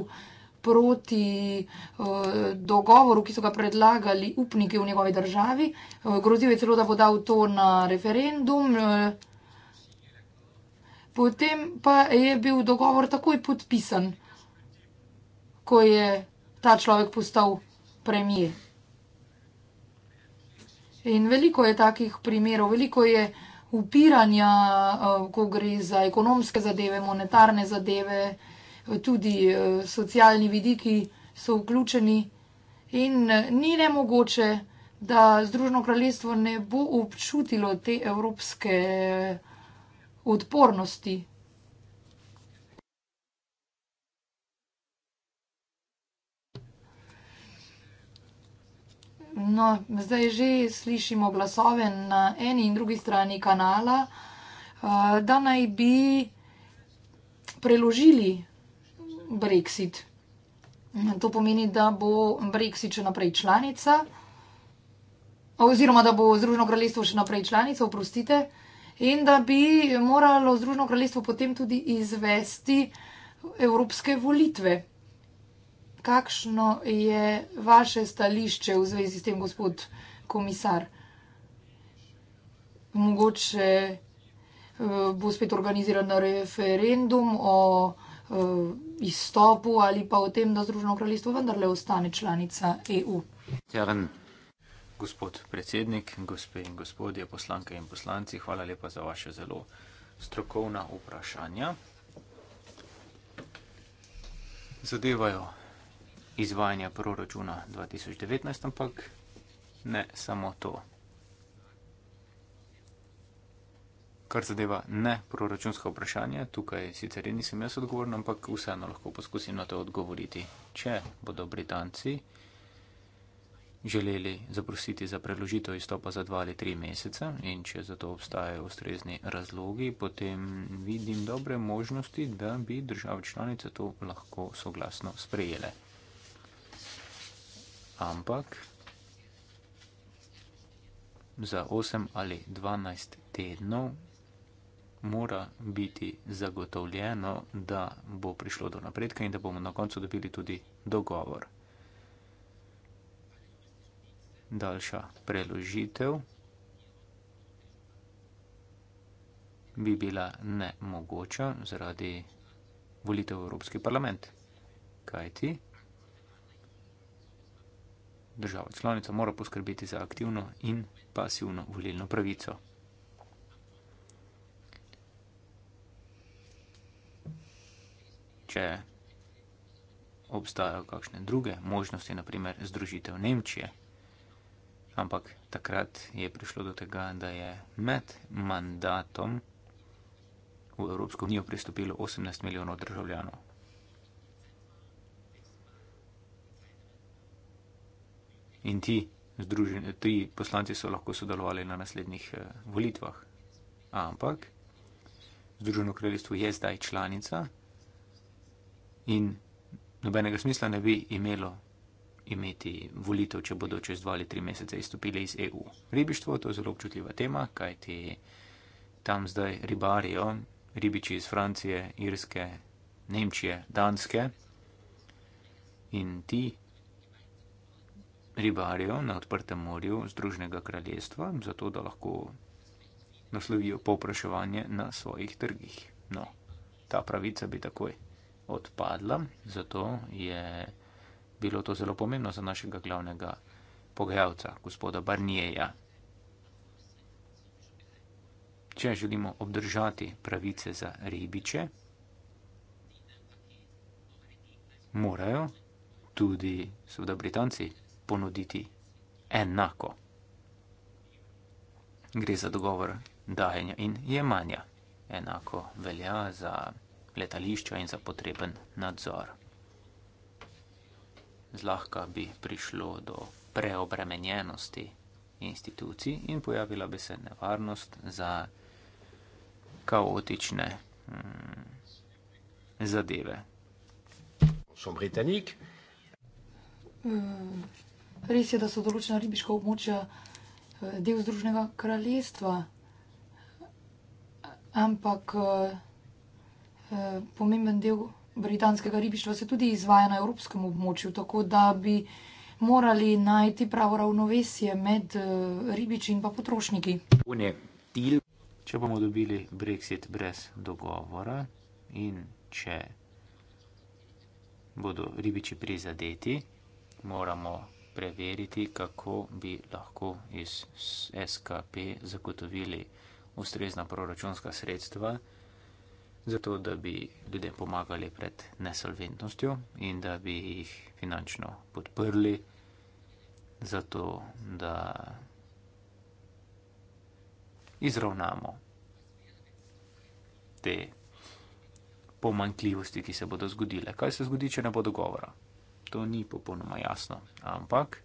proti uh, dogovoru, ki so ga predlagali upniki v njegovi državi. Uh, grozil je celo, da bo dal to na referendum. Uh, Potem pa je bil dogovor takoj podpisan, ko je ta človek postal premije. In veliko je takih primerov, veliko je upiranja, eh, ko gre za ekonomske zadeve, monetarne zadeve, tudi eh, socialni vidiki so vključeni. In eh, ni nemogoče, da Združeno kraljestvo ne bo občutilo te evropske odpornosti. No, zdaj že slišimo glasove na eni in drugi strani kanala, eh, da naj bi preložili Brexit. To pomeni, da bo Brexit še naprej članica, oziroma da bo Združeno kraljestvo še naprej članica, oprostite in da bi moralo Združeno kraljestvo potem tudi izvesti evropske volitve. Kakšno je vaše stališče v zvezi s tem, gospod komisar? Mogoče eh, bo spet organiziran referendum o eh, izstopu ali pa o tem, da Združeno kraljestvo vendarle ostane članica EU. Teren. Gospod predsednik, gospe in gospodje, poslanke in poslanci, hvala lepa za vaše zelo strokovna vprašanja. Zadevajo izvajanje proračuna 2019, ampak ne samo to. Kar zadeva ne proračunsko vprašanje, tukaj sicer nisem jaz odgovoren, ampak vseeno lahko poskusim na to odgovoriti. Če bodo Britanci želeli zaprositi za preložitev izstopa za dva ali tri mesece in če za to obstajajo ustrezni razlogi, potem vidim dobre možnosti, da bi države članice to lahko soglasno sprejele. Ampak za 8 ali 12 tednov mora biti zagotovljeno, da bo prišlo do napredka in da bomo na koncu dobili tudi dogovor daljša preložitev bi bila nemogoča zaradi volitev v Evropski parlament. Kajti država članica mora poskrbeti za aktivno in pasivno volilno pravico. Če obstajajo kakšne druge možnosti, naprimer združitev Nemčije, ampak takrat je prišlo do tega, da je med mandatom v Evropsko unijo pristopilo 18 milijonov državljanov. In ti, združen, ti poslanci so lahko sodelovali na naslednjih eh, volitvah. Ampak Združeno kraljestvo je zdaj članica in nobenega smisla ne bi imelo imeti volitev, če bodo čez dva ali tri mesece izstopili iz EU. Ribištvo to je zelo občutljiva tema, kajti tam zdaj ribarijo ribiči iz Francije, Irske, Nemčije, Danske in ti ribarijo na odprtem morju Združenega kraljestva, zato da lahko naslovijo popraševanje na svojih trgih. No, ta pravica bi takoj odpadla, zato je bilo to zelo pomembno za našega glavnega pogajalca, gospoda Barnijeja. Če želimo obdržati pravice za ribiče, morajo tudi seveda Britanci ponuditi enako. Gre za dogovor dajanja in jemanja. Enako velja za letališča in za potreben nadzor zlahka bi prišlo do preobremenjenosti institucij in pojavila bi se nevarnost za kaotične hmm, zadeve. So Britanik? Mm, res je, da so določena ribiška območja eh, del Združenega kraljestva, eh, ampak eh, pomemben del britanskega ribištva se tudi izvaja na evropskem območju, tako da bi morali najti pravo ravnovesje med eh, ribiči in pa potrošniki. Če bomo dobili brexit brez dogovora in če bodo ribiči prizadeti, moramo preveriti, kako bi lahko iz SKP zagotovili ustrezna proračunska sredstva zato da bi ljudem pomagali pred nesolventnostjo in da bi jih finančno podprli, zato da izravnamo te pomankljivosti, ki se bodo zgodile. Kaj se zgodi, če ne bo dogovora? To ni popolnoma jasno, ampak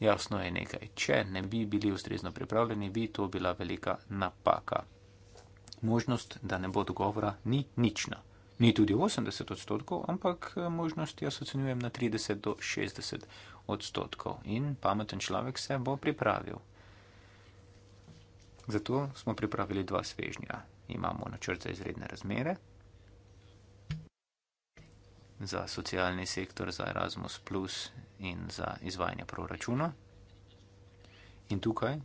jasno je nekaj. Če ne bi bili ustrezno pripravljeni, bi to bila velika napaka možnost, da ne bo odgovora, ni nična. Ni tudi 80 odstotkov, ampak eh, možnost jaz ocenjujem na 30 do 60 odstotkov in pameten človek se bo pripravil. Zato smo pripravili dva svežnja. Imamo načrt za izredne razmere, za socialni sektor, za Erasmus, in za izvajanje proračuna. In tukaj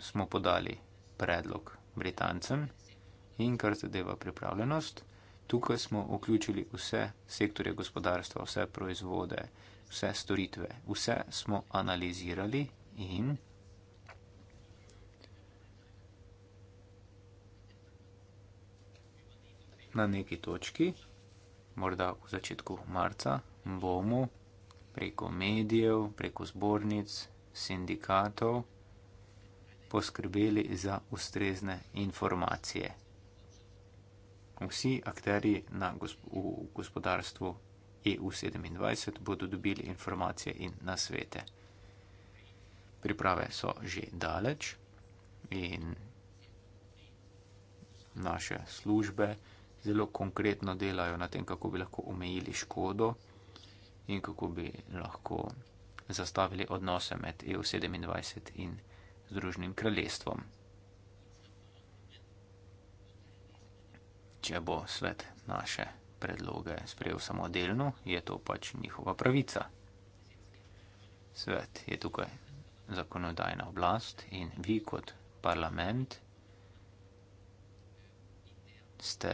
smo podali predlog Britancem, In kar zadeva pripravljenost, tukaj smo vključili vse sektorje gospodarstva, vse proizvode, vse storitve, vse smo analizirali in na neki točki, morda v začetku marca, bomo preko medijev, preko zbornic, sindikatov poskrbeli za ustrezne informacije. Vsi akteri na gosp gospodarstvu EU27 bodo dobili informacije in nasvete. Priprave so že daleč in naše službe zelo konkretno delajo na tem, kako bi lahko omejili škodo in kako bi lahko zastavili odnose med EU27 in Združenim kraljestvom. če bo svet naše predloge sprejel samo delno, je to pač njihova pravica. Svet je tukaj zakonodajna oblast in vi kot parlament ste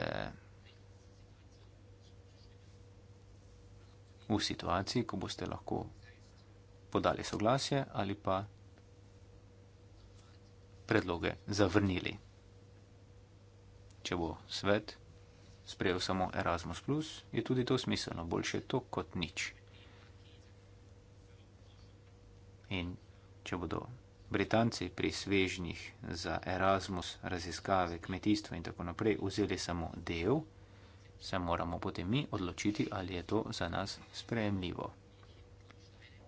v situaciji, ko boste lahko podali soglasje ali pa predloge zavrnili. Če bo svet sprejel samo Erasmus, je tudi to smiselno, boljše to kot nič. In če bodo Britanci pri svežnjih za Erasmus, raziskave, kmetijstvo in tako naprej vzeli samo del, se moramo potem mi odločiti, ali je to za nas sprejemljivo.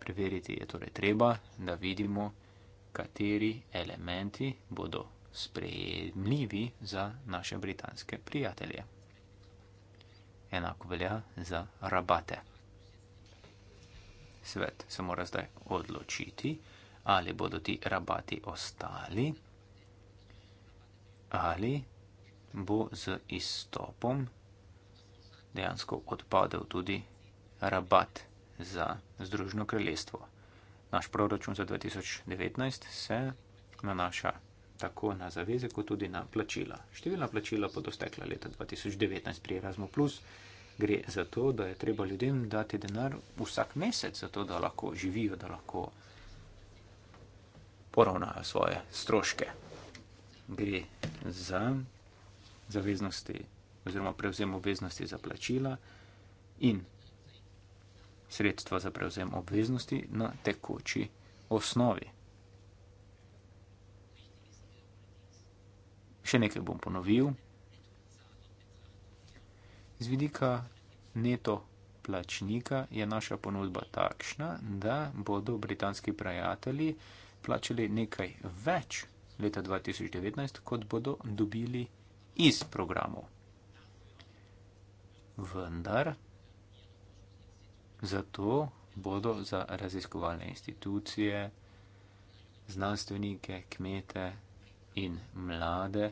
Preveriti je torej treba, da vidimo, kateri elementi bodo sprejemljivi za naše britanske prijatelje. Enako velja za rabate. Svet se mora zdaj odločiti, ali bodo ti rabati ostali, ali bo z izstopom dejansko odpadel tudi rabat za Združeno kraljestvo. Naš proračun za 2019 se nanaša na tako na zaveze, kot tudi na plačila. Številna plačila bodo stekla leta 2019 pri Erasmu. Gre za to, da je treba ljudem dati denar vsak mesec, zato da lahko živijo, da lahko poravnajo svoje stroške. Gre za zaveznosti oziroma prevzem obveznosti za plačila in sredstva za prevzem obveznosti na tekoči osnovi. Še nekaj bom ponovil. Z vidika neto plačnika je naša ponudba takšna, da bodo britanski prijatelji plačali nekaj več leta 2019, kot bodo dobili iz programov. Vendar, zato bodo za raziskovalne institucije, znanstvenike, kmete, in mlade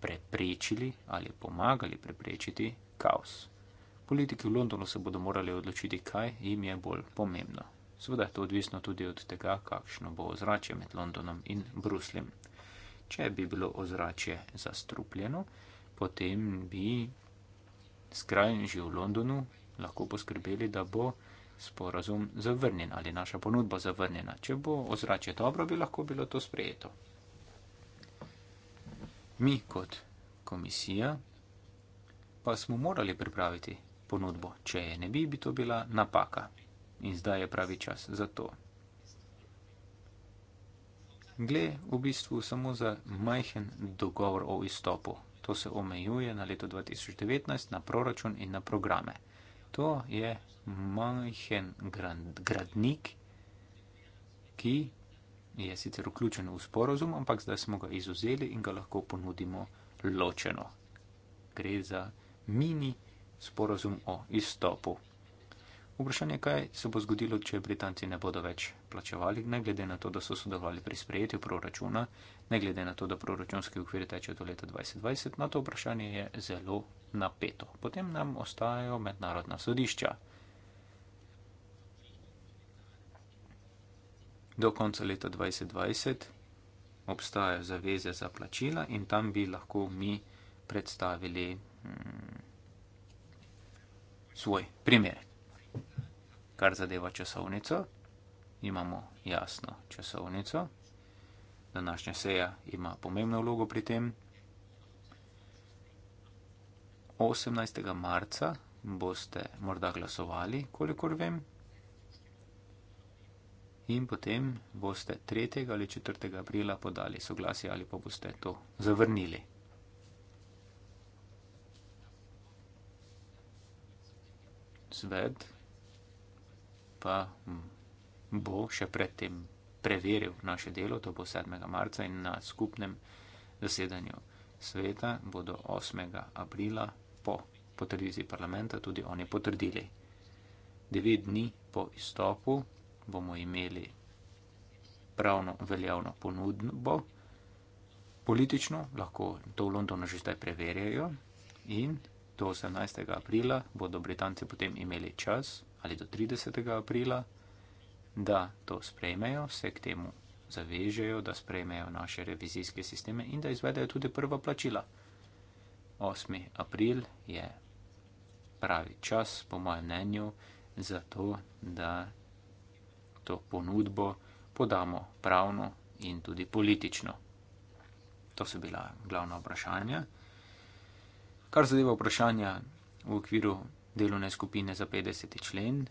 preprečili ali pomagali preprečiti kaos. Politiki v Londonu se bodo morali odločiti, kaj jim je bolj pomembno. Seveda je to odvisno tudi od tega, kakšno bo ozračje med Londonom in Brusljem. Če bi bilo ozračje zastrupljeno, potem bi skrajnji v Londonu lahko poskrbeli, da bo sporazum zavrnjen ali naša ponudba zavrnjena. Če bo ozračje dobro, bi lahko bilo to sprejeto. Mi kot komisija pa smo morali pripraviti ponudbo, če je ne bi, bi to bila napaka. In zdaj je pravi čas za to. Gle v bistvu samo za majhen dogovor o izstopu. To se omejuje na leto 2019, na proračun in na programe. To je majhen gradnik, ki je sicer vključen v sporozum, ampak zdaj smo ga izuzeli in ga lahko ponudimo ločeno. Gre za mini sporozum o izstopu. Vprašanje je, kaj se bo zgodilo, če Britanci ne bodo več plačevali, ne glede na to, da so sodelovali pri sprejetju proračuna, ne glede na to, da proračunski ukvir teče do leta 2020, na to vprašanje je zelo napeto. Potem nam ostajajo mednarodna sodišča. do konca leta 2020 obstajajo zaveze za plačila in tam bi lahko mi predstavili mm, svoj primer. Kar zadeva časovnico, imamo jasno časovnico. Današnja seja ima pomembno vlogo pri tem. 18. marca boste morda glasovali, kolikor vem, in potem boste 3. ali 4. aprila podali soglasje ali pa boste to zavrnili. Zved pa hm, bo še predtem preveril naše delo, to bo 7. marca in na skupnem zasedanju sveta bodo 8. aprila po potrdizi parlamenta tudi oni potrdili. 9 dni po izstopu bomo imeli pravno veljavno ponudbo, politično, lahko to v Londonu že zdaj preverjajo. In do 18. aprila bodo Britanci potem imeli čas, ali do 30. aprila, da to sprejmejo, se k temu zavežejo, da sprejmejo naše revizijske sisteme in da izvedejo tudi prva plačila. 8. april je pravi čas, po mojem mnenju, za to, da to ponudbo podamo pravno in tudi politično. To so bila glavna vprašanja. Kar zadeva vprašanja v okviru delovne skupine za 50. člen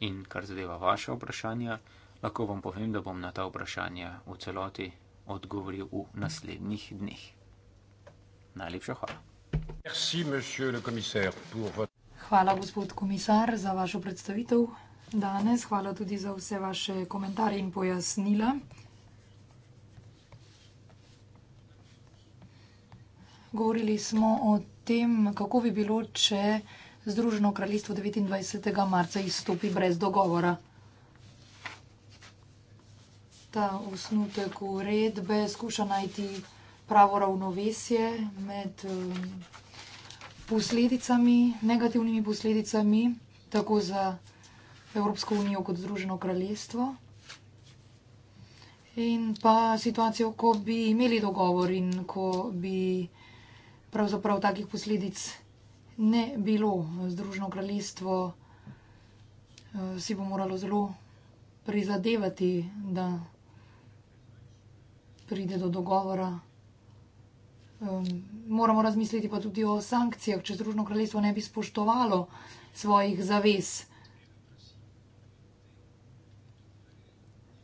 in kar zadeva vaše vprašanja, lahko vam povem, da bom na ta vprašanja v celoti odgovoril v naslednjih dneh. Najlepša hvala. Hvala, gospod komisar, za vašo predstavitev danes. Hvala tudi za vse vaše komentarje in pojasnila. Govorili smo o tem, kako bi bilo, če Združeno kraljestvo 29. marca izstopi brez dogovora. Ta osnutek uredbe skuša najti pravo ravnovesje med eh, posledicami, negativnimi posledicami, tako za Evropsko unijo kot Združeno kraljestvo. In pa situacijo, ko bi imeli dogovor in ko bi pravzaprav takih posledic ne bilo. Združeno kraljestvo eh, si bo moralo zelo prizadevati, da pride do dogovora. Moramo razmisliti pa tudi o sankcijah, če Združeno kraljestvo ne bi spoštovalo svojih zavez.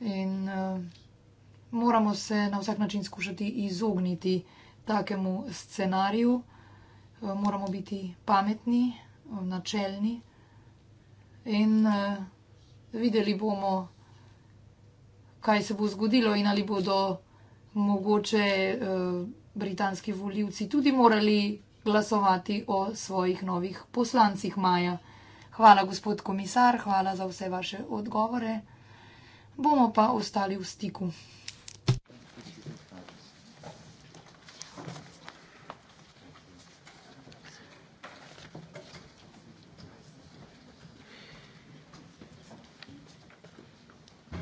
In uh, moramo se na vsak način skušati izogniti takemu scenariju, uh, moramo biti pametni, eh, načelni in uh, videli bomo, kaj se bo zgodilo in ali bodo mogoče uh, britanski voljivci tudi morali glasovati o svojih novih poslancih maja. Hvala, gospod komisar, hvala za vse vaše odgovore bomo pa ostali v stiku.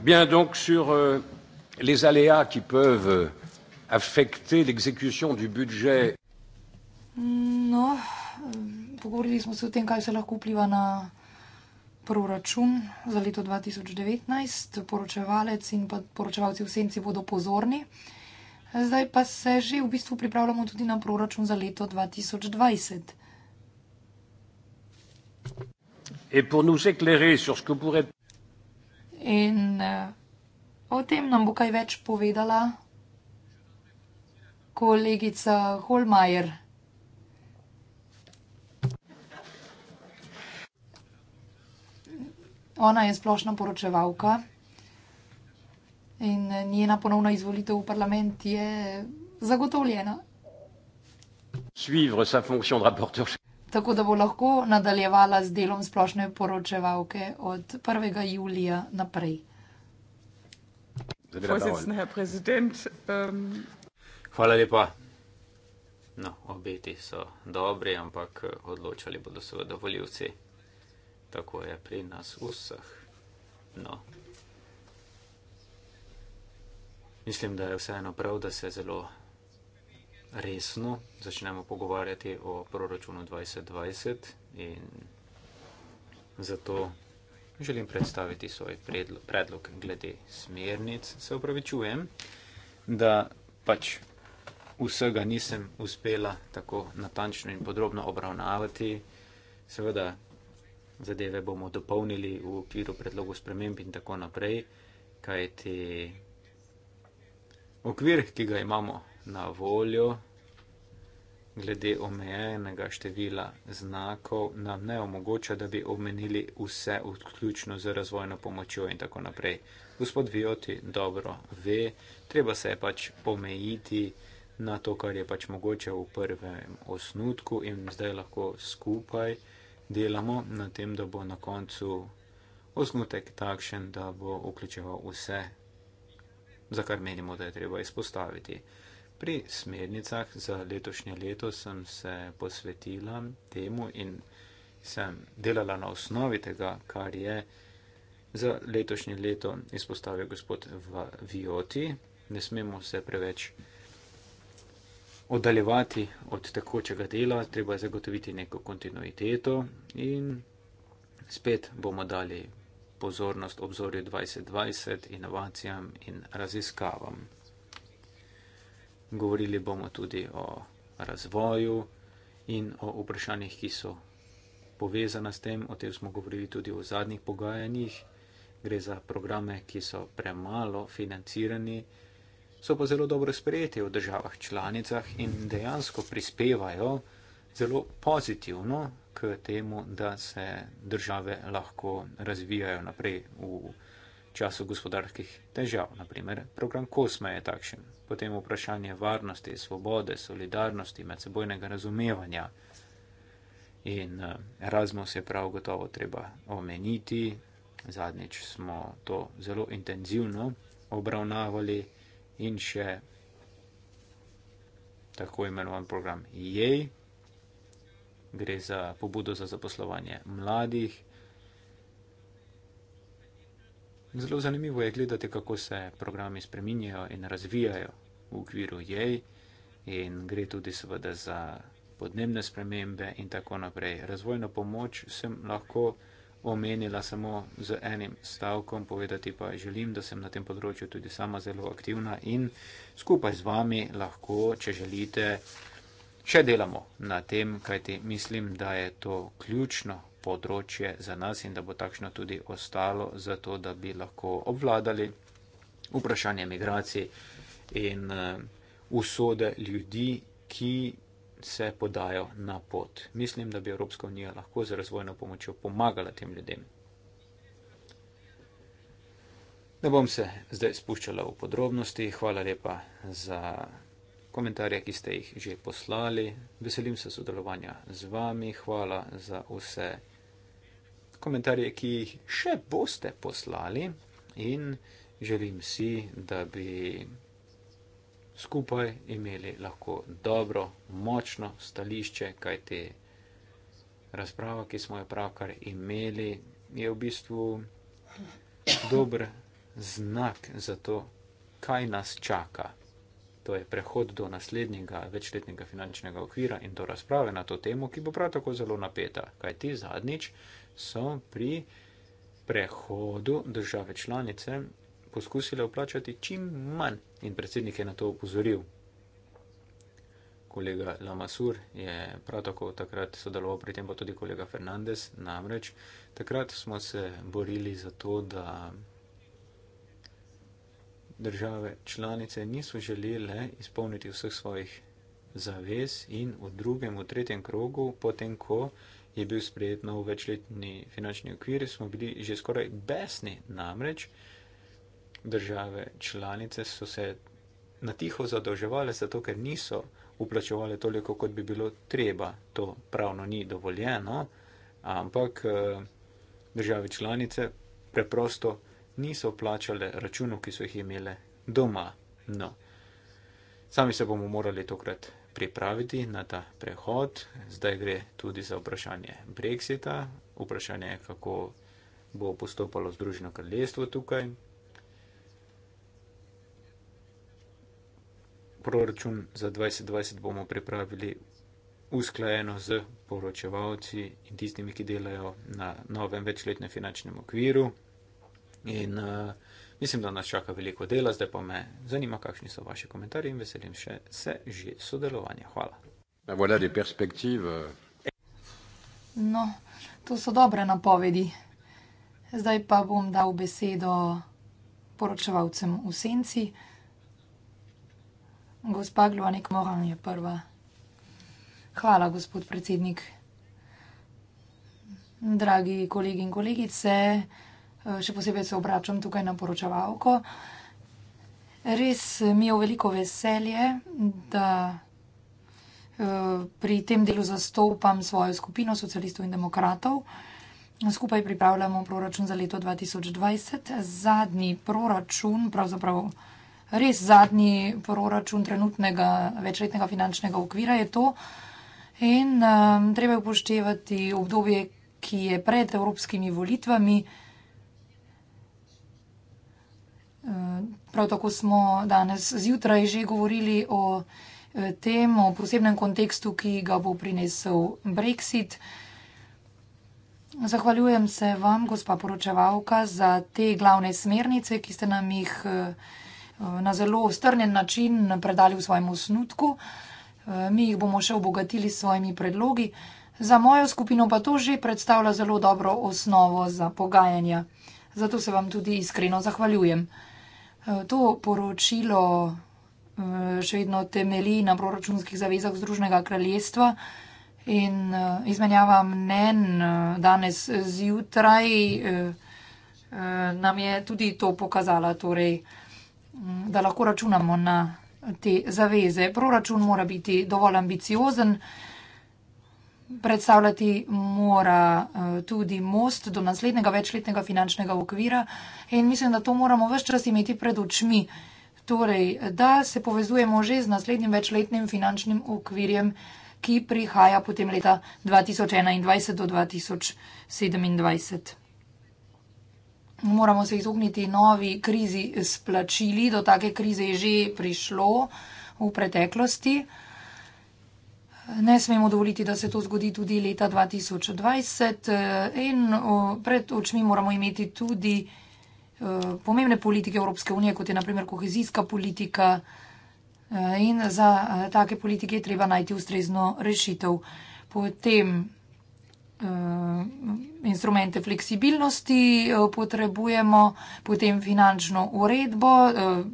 Bien, donc sur euh, les aléas qui peuvent euh, affecter l'exécution du budget. Non, pour vous dire, je me soutiens quand je suis là, couplé, voilà proračun za leto 2019, poročevalec in pa poročevalci v senci bodo pozorni. Zdaj pa se že v bistvu pripravljamo tudi na proračun za leto 2020. In eh, o tem nam bo kaj več povedala kolegica Holmajer. Ona je splošna poročevalka in njena ponovna izvolitev v parlament je zagotovljena. Tako da bo lahko nadaljevala z delom splošne poročevalke od 1. julija naprej. Ähm, Hvala lepa. No, obeti so dobri, ampak odločali bodo seveda voljivci tako je pri nas vseh. No. Mislim, da je vseeno prav, da se zelo resno začnemo pogovarjati o proračunu 2020 in zato želim predstaviti svoj predlog, predlog glede smernic. Se upravičujem, da pač vsega nisem uspela tako natančno in podrobno obravnavati. Seveda zadeve bomo dopolnili v okviru predlogov sprememb in tako naprej, kajti okvir, ki ga imamo na voljo, glede omejenega števila znakov, nam ne omogoča, da bi omenili vse, vključno z razvojno pomočjo in tako naprej. Gospod Vijoti dobro ve, treba se je pač omejiti na to, kar je pač mogoče v prvem osnutku in zdaj lahko skupaj delamo na tem, da bo na koncu osnutek takšen, da bo vključeval vse, za kar menimo, da je treba izpostaviti. Pri smernicah za letošnje leto sem se posvetila temu in sem delala na osnovi tega, kar je za letošnje leto izpostavil gospod Vioti. Ne smemo se preveč oddaljevati od tekočega dela, treba je zagotoviti neko kontinuiteto in spet bomo dali pozornost obzorju 2020, inovacijam in raziskavam. Govorili bomo tudi o razvoju in o vprašanjih, ki so povezana s tem, o tem smo govorili tudi v zadnjih pogajanjih. Gre za programe, ki so premalo financirani, so pa zelo dobro sprejeti v državah članicah in dejansko prispevajo zelo pozitivno k temu, da se države lahko razvijajo naprej v času gospodarskih težav. Naprimer, program Kosme je takšen. Potem vprašanje varnosti, svobode, solidarnosti, medsebojnega razumevanja. In eh, Erasmus je prav gotovo treba omeniti. Zadnjič smo to zelo intenzivno obravnavali in še tako imenovan program JEJ. Gre za pobudo za zaposlovanje mladih. Zelo zanimivo je gledati, kako se programi spreminjajo in razvijajo v okviru JEJ in gre tudi seveda za podnebne spremembe in tako naprej. Razvojno pomoč sem lahko omenila samo z enim stavkom, povedati pa želim, da sem na tem področju tudi sama zelo aktivna in skupaj z vami lahko, če želite, še delamo na tem, kajti mislim, da je to ključno področje za nas in da bo takšno tudi ostalo, zato da bi lahko obvladali vprašanje migracij in eh, usode ljudi, ki se podajo na pot. Mislim, da bi Evropska unija lahko z razvojno pomočjo pomagala tem ljudem. Ne bom se zdaj spuščala v podrobnosti. Hvala lepa za komentarje, ki ste jih že poslali. Veselim se sodelovanja z vami. Hvala za vse komentarje, ki jih še boste poslali. In želim si, da bi skupaj imeli lahko dobro, močno stališče, kajti razprava, ki smo jo pravkar imeli, je v bistvu dober znak za to, kaj nas čaka. To je prehod do naslednjega večletnega finančnega okvira in do razprave na to temo, ki bo prav tako zelo napeta, kaj ti zadnjič so pri prehodu države članice poskusile vplačati čim manj in predsednik je na to upozoril. Kolega Lamasur je prav tako takrat sodeloval, pri tem pa tudi kolega Fernandez. Namreč takrat smo se borili za to, da države članice niso želele izpolniti vseh svojih zavez in v drugem, v tretjem krogu, potem ko je bil sprejet nov večletni finančni okvir, smo bili že skoraj besni. Namreč države članice so se natiho zadolževale, zato ker niso uplačevali toliko, kot bi bilo treba. To pravno ni dovoljeno, ampak eh, države članice preprosto niso plačale računov, ki so jih imele doma. No. Sami se bomo morali tokrat pripraviti na ta prehod. Zdaj gre tudi za vprašanje Brexita, vprašanje, kako bo postopalo Združeno kraljestvo tukaj. proračun za 2020 bomo pripravili usklajeno z poročevalci in tistimi, ki delajo na novem večletnem finančnem okviru. In uh, mislim, da nas čaka veliko dela, zdaj pa me zanima, kakšni so vaši komentarji in veselim še se že sodelovanja. Hvala. Voilà euh. no, to so dobre napovedi. Zdaj pa bom dal besedo poročevalcem v senci. Gospa Gluanik Mohan je prva. Hvala, gospod predsednik. Dragi kolegi in kolegice, eh, še posebej se obračam tukaj na poročevalko. Res mi je v veliko veselje, da eh, pri tem delu zastopam svojo skupino socialistov in demokratov. Skupaj pripravljamo proračun za leto 2020. Zadnji proračun, pravzaprav res zadnji proračun trenutnega večletnega finančnega okvira je to. In um, treba je upoštevati obdobje, ki je pred evropskimi volitvami. Uh, prav tako smo danes zjutraj že govorili o eh, tem, o posebnem kontekstu, ki ga bo prinesel Brexit. Zahvaljujem se vam, gospa poročevalka, za te glavne smernice, ki ste nam jih. Uh, Eh, na zelo strnen način predali v svojem osnutku. Eh, mi jih bomo še obogatili s svojimi predlogi, za mojo skupino pa to že predstavlja zelo dobro osnovo za pogajanja. Zato se vam tudi iskreno zahvaljujem. Eh, to poročilo še vedno temeli na proračunskih zavezah Združnega kraljestva in izmenjava mnen danes zjutraj nam je tudi to pokazala. Torej, Mm, da lahko računamo na te zaveze. Proračun mora biti dovolj ambiciozen, predstavljati mora eh, tudi most do naslednjega večletnega finančnega okvira in mislim, da to moramo vse čas imeti pred očmi. Torej, da se povezujemo že z naslednjim večletnim finančnim okvirjem, ki prihaja potem leta 2021 do 2027 moramo se izogniti novi krizi s plačili. Do take krize je že prišlo v preteklosti. Ne smemo dovoliti, da se to zgodi tudi leta 2020 in pred očmi moramo imeti tudi pomembne politike Evropske unije, kot je naprimer kohezijska politika in za take politike je treba najti ustrezno rešitev. Potem Eh, instrumente fleksibilnosti eh, potrebujemo, potem finančno uredbo, eh,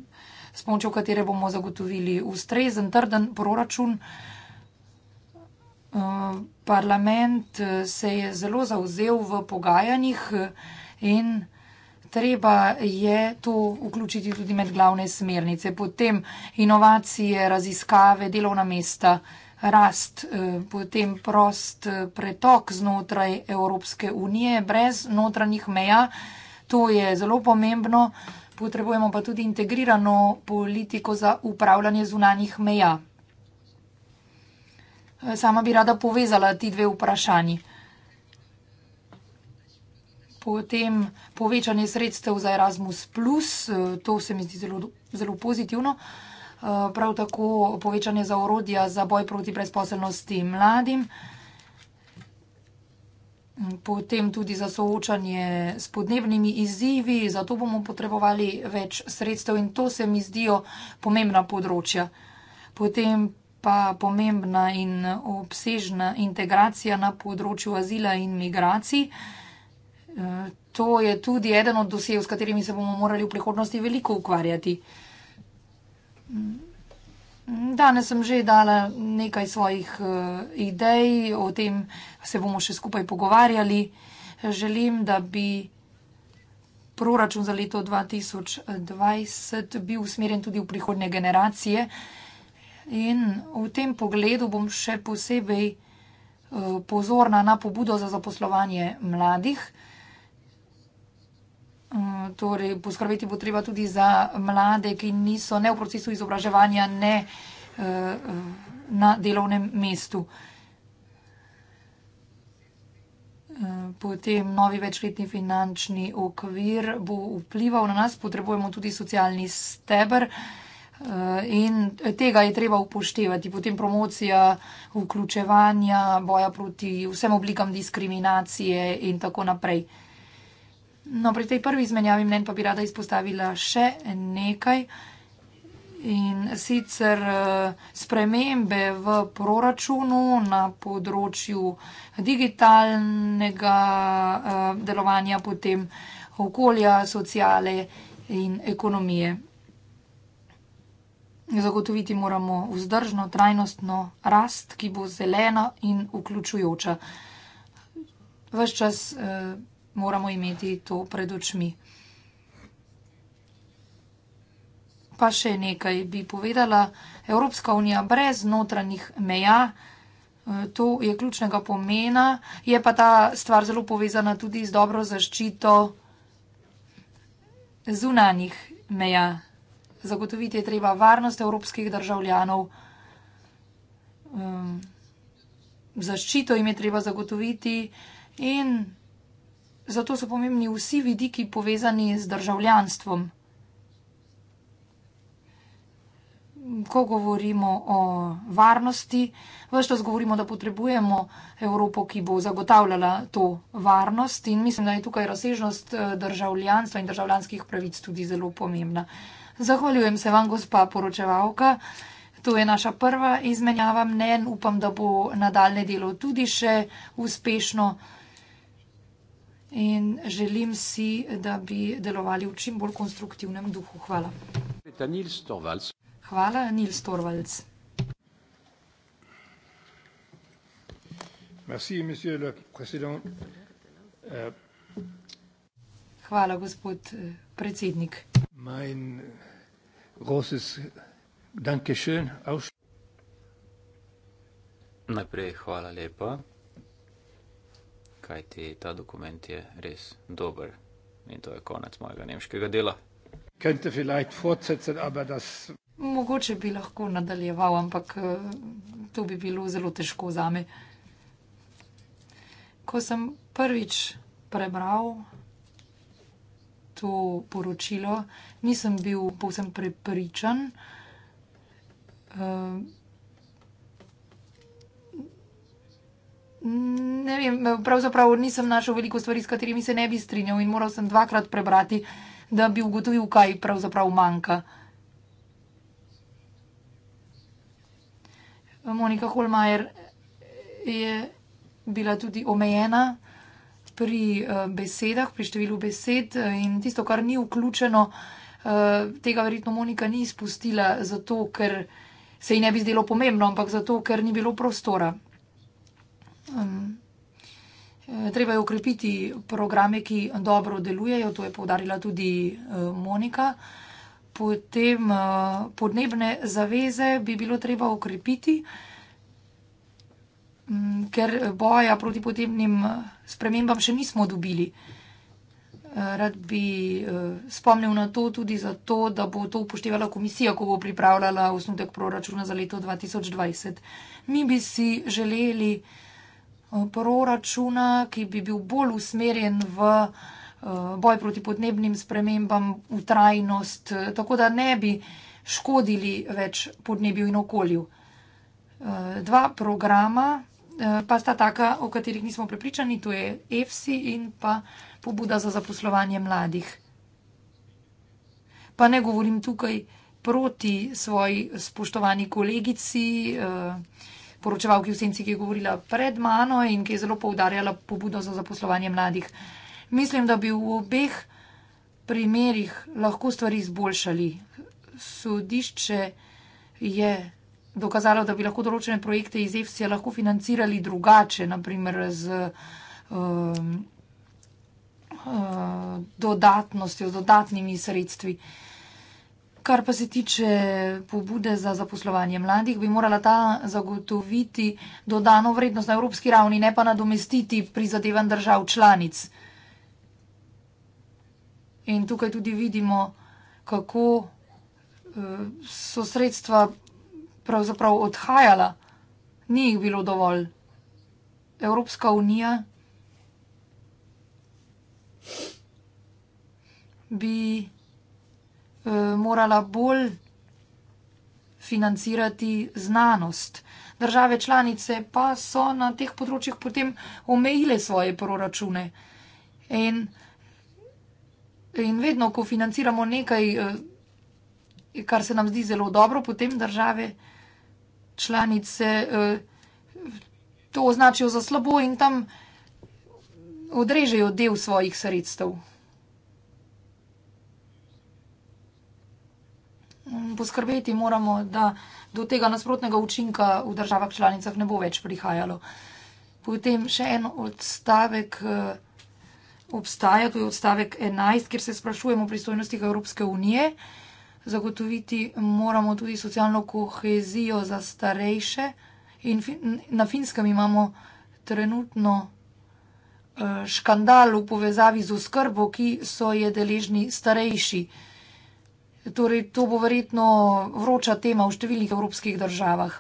s pomočjo katere bomo zagotovili ustrezen, trden proračun. Parlament se je zelo zauzel v pogajanjih in treba je to vključiti tudi med glavne smernice. Potem inovacije, raziskave, delovna mesta rast, eh, potem prost eh, pretok znotraj Evropske unije, brez notranjih meja. To je zelo pomembno. Potrebujemo pa tudi integrirano politiko za upravljanje zunanjih meja. Eh, sama bi rada povezala ti dve vprašanji. Potem povečanje sredstev za Erasmus, to se mi zdi zelo, zelo pozitivno. Eh, prav tako povečanje za orodja za boj proti brezposelnosti mladim, potem tudi za soočanje s podnebnimi izzivi, zato bomo potrebovali več sredstev in to se mi zdijo pomembna področja. Potem pa pomembna in obsežna integracija na področju azila in migracij. Eh, to je tudi eden od dosev, s katerimi se bomo morali v prihodnosti veliko ukvarjati. Danes sem že dala nekaj svojih eh, idej, o tem se bomo še skupaj pogovarjali. Želim, da bi proračun za leto 2020 bil usmerjen tudi v prihodnje generacije. In v tem pogledu bom še posebej eh, pozorna na pobudo za zaposlovanje mladih. Mm, torej, poskrbeti bo treba tudi za mlade, ki niso ne v procesu izobraževanja, ne eh, eh, na delovnem mestu. Eh, potem novi večletni finančni okvir bo vplival na nas, potrebujemo tudi socialni stebr in tega je treba upoštevati. Potem promocija vključevanja, boja proti vsem oblikam diskriminacije in tako naprej. No, pri tej prvi izmenjavi mnen pa bi rada izpostavila še nekaj in sicer eh, spremembe v proračunu na področju digitalnega eh, delovanja, potem okolja, sociale in ekonomije. Zagotoviti moramo vzdržno, trajnostno rast, ki bo zelena in vključujoča. Ves čas. Uh, moramo imeti to pred očmi. Pa še nekaj bi povedala. Evropska unija brez notranjih meja, eh, to je ključnega pomena, je pa ta stvar zelo povezana tudi z dobro zaščito zunanjih meja. Zagotoviti je treba varnost evropskih državljanov, eh, zaščito jim je treba zagotoviti in Zato so pomembni vsi vidiki povezani z državljanstvom. Ko govorimo o varnosti, vse to govorimo, da potrebujemo Evropo, ki bo zagotavljala to varnost in mislim, da je tukaj razsežnost eh, državljanstva in državljanskih pravic tudi zelo pomembna. Zahvaljujem se vam, gospa poročevalka. To je naša prva izmenjava mnen. Upam, da bo nadaljne delo tudi še uspešno in želim si, da bi delovali v čim bolj konstruktivnem duhu. Hvala. Hvala, Nils Torvalds. Euh, hvala, gospod eh, predsednik. Najprej hvala lepa kajti ta dokument je res dober. In to je konec mojega nemškega dela. Mogoče bi lahko nadaljeval, ampak eh, to bi bilo zelo težko za me. Ko sem prvič prebral to poročilo, nisem bil povsem prepričan. Uh, ne vem, pravzaprav nisem našel veliko stvari, s katerimi se ne bi strinjal in moral sem dvakrat prebrati, da bi ugotovil, kaj pravzaprav manjka. Monika Holmajer je bila tudi omejena pri eh, besedah, pri številu besed eh, in tisto, kar ni vključeno, eh, tega verjetno Monika ni izpustila, zato ker se ji ne bi zdelo pomembno, ampak zato ker ni bilo prostora. Um, eh, treba je ukrepiti programe, ki dobro delujejo, to je povdarila tudi uh, Monika. Potem uh, podnebne zaveze bi bilo treba ukrepiti, um, mm, ker boja proti podnebnim spremembam še nismo dobili. Rad bi spomnil na to tudi zato, da bo to upoštevala komisija, ko bo pripravljala osnutek proračuna za leto 2020. Mi bi si želeli, Eh, proračuna, ki bi bil bolj usmerjen v eh, boj proti podnebnim spremembam, v trajnost, eh, tako da ne bi škodili več podnebju in okolju. Dva programa pa sta taka, o katerih nismo prepričani, to je EFSI in pa pobuda za zaposlovanje mladih. Pa ne govorim tukaj proti svoji spoštovani kolegici, eh, poročevalki v senci, ki je govorila pred mano in ki je zelo poudarjala pobudo za zaposlovanje mladih. Mislim, da bi v obeh primerih lahko stvari izboljšali. Sodišče je dokazalo, da bi lahko določene projekte iz EFSI-ja lahko financirali drugače, naprimer z um, uh, dodatnostjo, z dodatnimi sredstvi. Uh, Kar pa se tiče pobude za zaposlovanje mladih, bi morala ta zagotoviti dodano vrednost na evropski ravni, ne pa nadomestiti prizadevan držav članic. In tukaj tudi vidimo, kako eh, so sredstva pravzaprav odhajala. Ni jih bilo dovolj. Evropska unija bi Eh, morala bolj financirati znanost. Države članice pa so na teh področjih potem omejile svoje proračune. In, in vedno, ko financiramo nekaj, eh, kar se nam zdi zelo dobro, potem države članice eh, to označijo za slabo in tam odrežejo del svojih sredstev. poskrbeti moramo, da do tega nasprotnega učinka v državah članicah ne bo več prihajalo. Potem še en odstavek eh, obstaja, to je odstavek 11, kjer se sprašujemo o pristojnostih Evropske unije. Zagotoviti moramo tudi socialno kohezijo za starejše. In na finskem imamo trenutno eh, škandal v povezavi z oskrbo, ki so je deležni starejši. Torej, to bo verjetno vroča tema v številnih evropskih državah.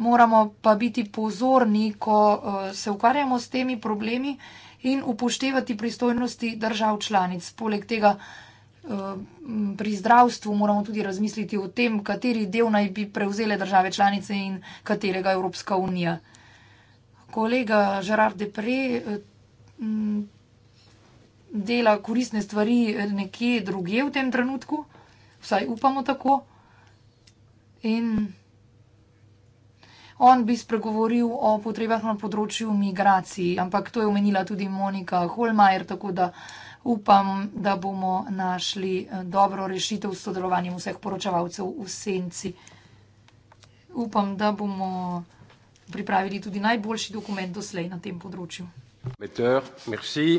Moramo pa biti pozorni, ko eh, se ukvarjamo s temi problemi in upoštevati pristojnosti držav članic. Poleg tega eh, pri zdravstvu moramo tudi razmisliti o tem, kateri del naj bi prevzele države članice in katerega Evropska unija. Kolega Žerard Depre, eh, dela koristne stvari eh, nekje druge v tem trenutku, vsaj upamo tako. In on bi spregovoril o potrebah na področju migracij, ampak to je omenila tudi Monika Holmajer, tako da upam, da bomo našli eh, dobro rešitev s sodelovanjem vseh poročevalcev v senci. Upam, da bomo pripravili tudi najboljši dokument doslej na tem področju. Meteor, merci.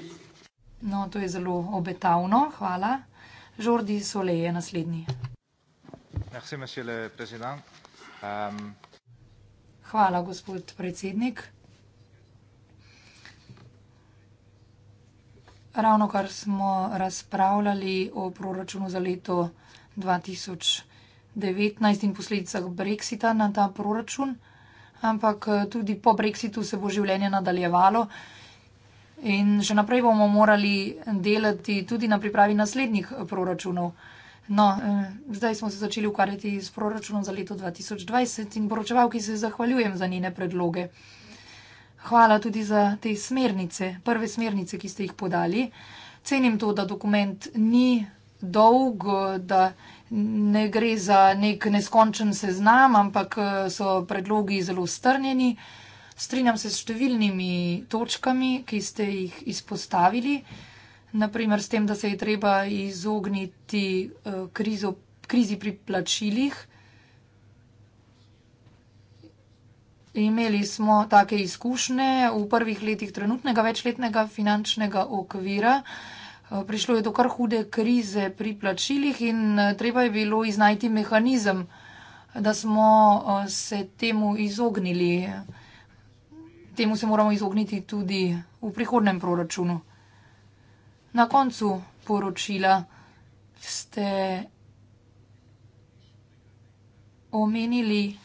No, to je zelo obetavno, hvala. Jordi Sole je naslednji. Merci, monsieur le président. Um... Hvala, gospod predsednik. Ravno kar smo razpravljali o proračunu za leto 2019 in posledicah Brexita na ta proračun, ampak tudi po Brexitu se bo življenje nadaljevalo. In še naprej bomo morali delati tudi na pripravi naslednjih proračunov. No, eh, zdaj smo se začeli ukvarjati s proračunom za leto 2020 in poročevalki se zahvaljujem za njene predloge. Hvala tudi za te smernice, prve smernice, ki ste jih podali. Cenim to, da dokument ni dolg, da ne gre za nek neskončen seznam, ampak eh, so predlogi zelo strnjeni. Eh, Strinjam se s številnimi točkami, ki ste jih izpostavili, naprimer s tem, da se je treba izogniti eh, krizo, krizi pri plačilih. Imeli smo take izkušnje v prvih letih trenutnega večletnega finančnega okvira. Eh, prišlo je do kar hude krize pri plačilih in eh, treba je bilo iznajti mehanizem, da smo se temu izognili temu se moramo izogniti tudi v prihodnem proračunu. Na koncu poročila ste omenili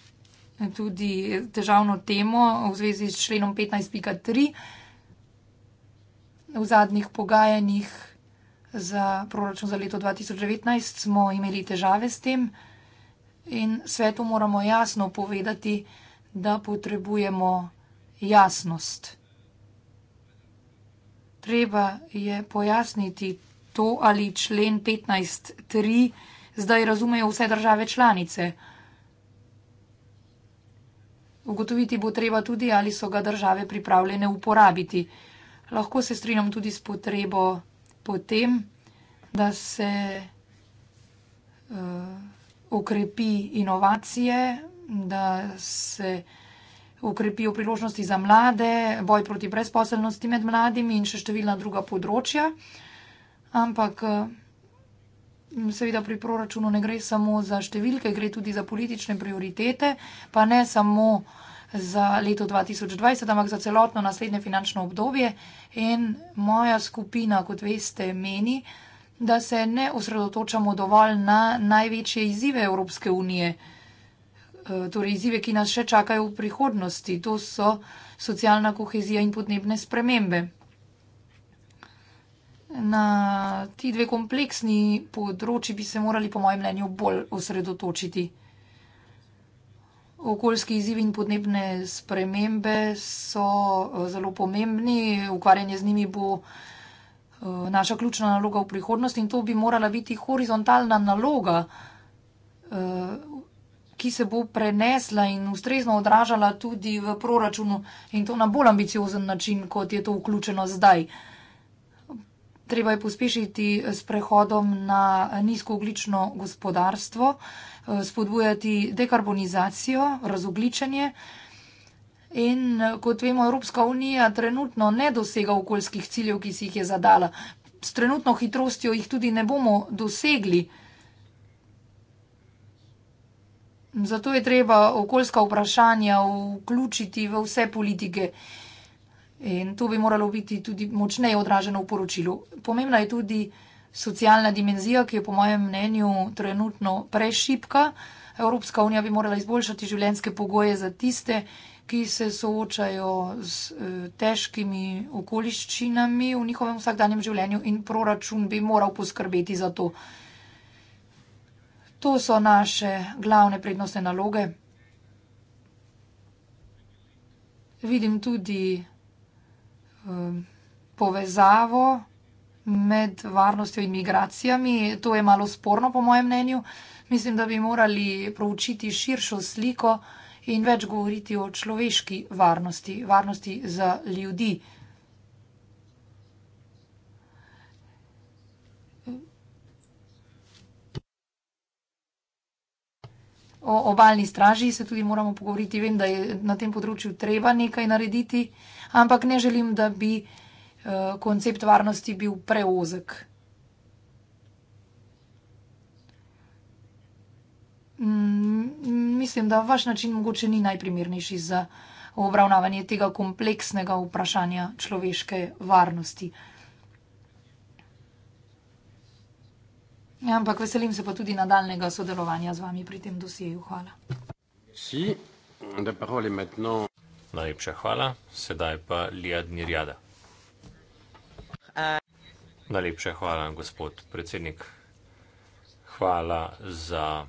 tudi težavno temo v zvezi s členom 15.3. V zadnjih pogajanjih za proračun za leto 2019 smo imeli težave s tem in svetu moramo jasno povedati, da potrebujemo jasnost. Treba je pojasniti to, ali člen 15.3 zdaj razumejo vse države članice. Ugotoviti bo treba tudi, ali so ga države pripravljene uporabiti. Lahko se strinjam tudi s potrebo potem, da se uh, okrepi inovacije, da se ukrepijo priložnosti za mlade, boj proti brezposelnosti med mladimi in še številna druga področja. Ampak eh, seveda pri proračunu ne gre samo za številke, gre tudi za politične prioritete, pa ne samo za leto 2020, ampak za celotno naslednje finančno obdobje. In moja skupina, kot veste, meni, da se ne osredotočamo dovolj na največje izzive Evropske unije. Eh, torej izzive, ki nas še čakajo v prihodnosti. To so socialna kohezija in podnebne spremembe. Na ti dve kompleksni področji bi se morali, po mojem mnenju, bolj osredotočiti. Okoljski izzivi in podnebne spremembe so eh, zelo pomembni, ukvarjanje z njimi bo eh, naša ključna naloga v prihodnosti in to bi morala biti horizontalna naloga ki se bo prenesla in ustrezno odražala tudi v proračunu in to na bolj ambiciozen način, kot je to vključeno zdaj. Treba je pospešiti s prehodom na nizkooglično gospodarstvo, spodbujati dekarbonizacijo, razogličenje. In kot vemo, Evropska unija trenutno ne dosega okoljskih ciljev, ki si jih je zadala. S trenutno hitrostjo jih tudi ne bomo dosegli. Zato je treba okoljska vprašanja vključiti v vse politike. In to bi moralo biti tudi močneje odraženo v poročilu. Pomembna je tudi socialna dimenzija, ki je po mojem mnenju trenutno prešipka. Evropska unija bi morala izboljšati življenjske pogoje za tiste, ki se soočajo z eh, težkimi okoliščinami v njihovem vsakdanjem življenju in proračun bi moral poskrbeti za to. To so naše glavne prednostne naloge. Vidim tudi um, povezavo med varnostjo in migracijami. To je malo sporno, po mojem mnenju. Mislim, da bi morali proučiti širšo sliko in več govoriti o človeški varnosti, varnosti za ljudi. O obaljni straži se tudi moramo pogovoriti. Vem, da je na tem področju treba nekaj narediti, ampak ne želim, da bi uh, koncept varnosti bil preozek. Mm, mislim, da vaš način mogoče ni najprimernejši za obravnavanje tega kompleksnega vprašanja človeške varnosti. Uh, Ja, ampak veselim se pa tudi nadaljnega sodelovanja z vami pri tem dosjeju. Hvala. Si, no. Najlepša hvala, sedaj pa Lija Dnirjada. Najlepša hvala, gospod predsednik. Hvala za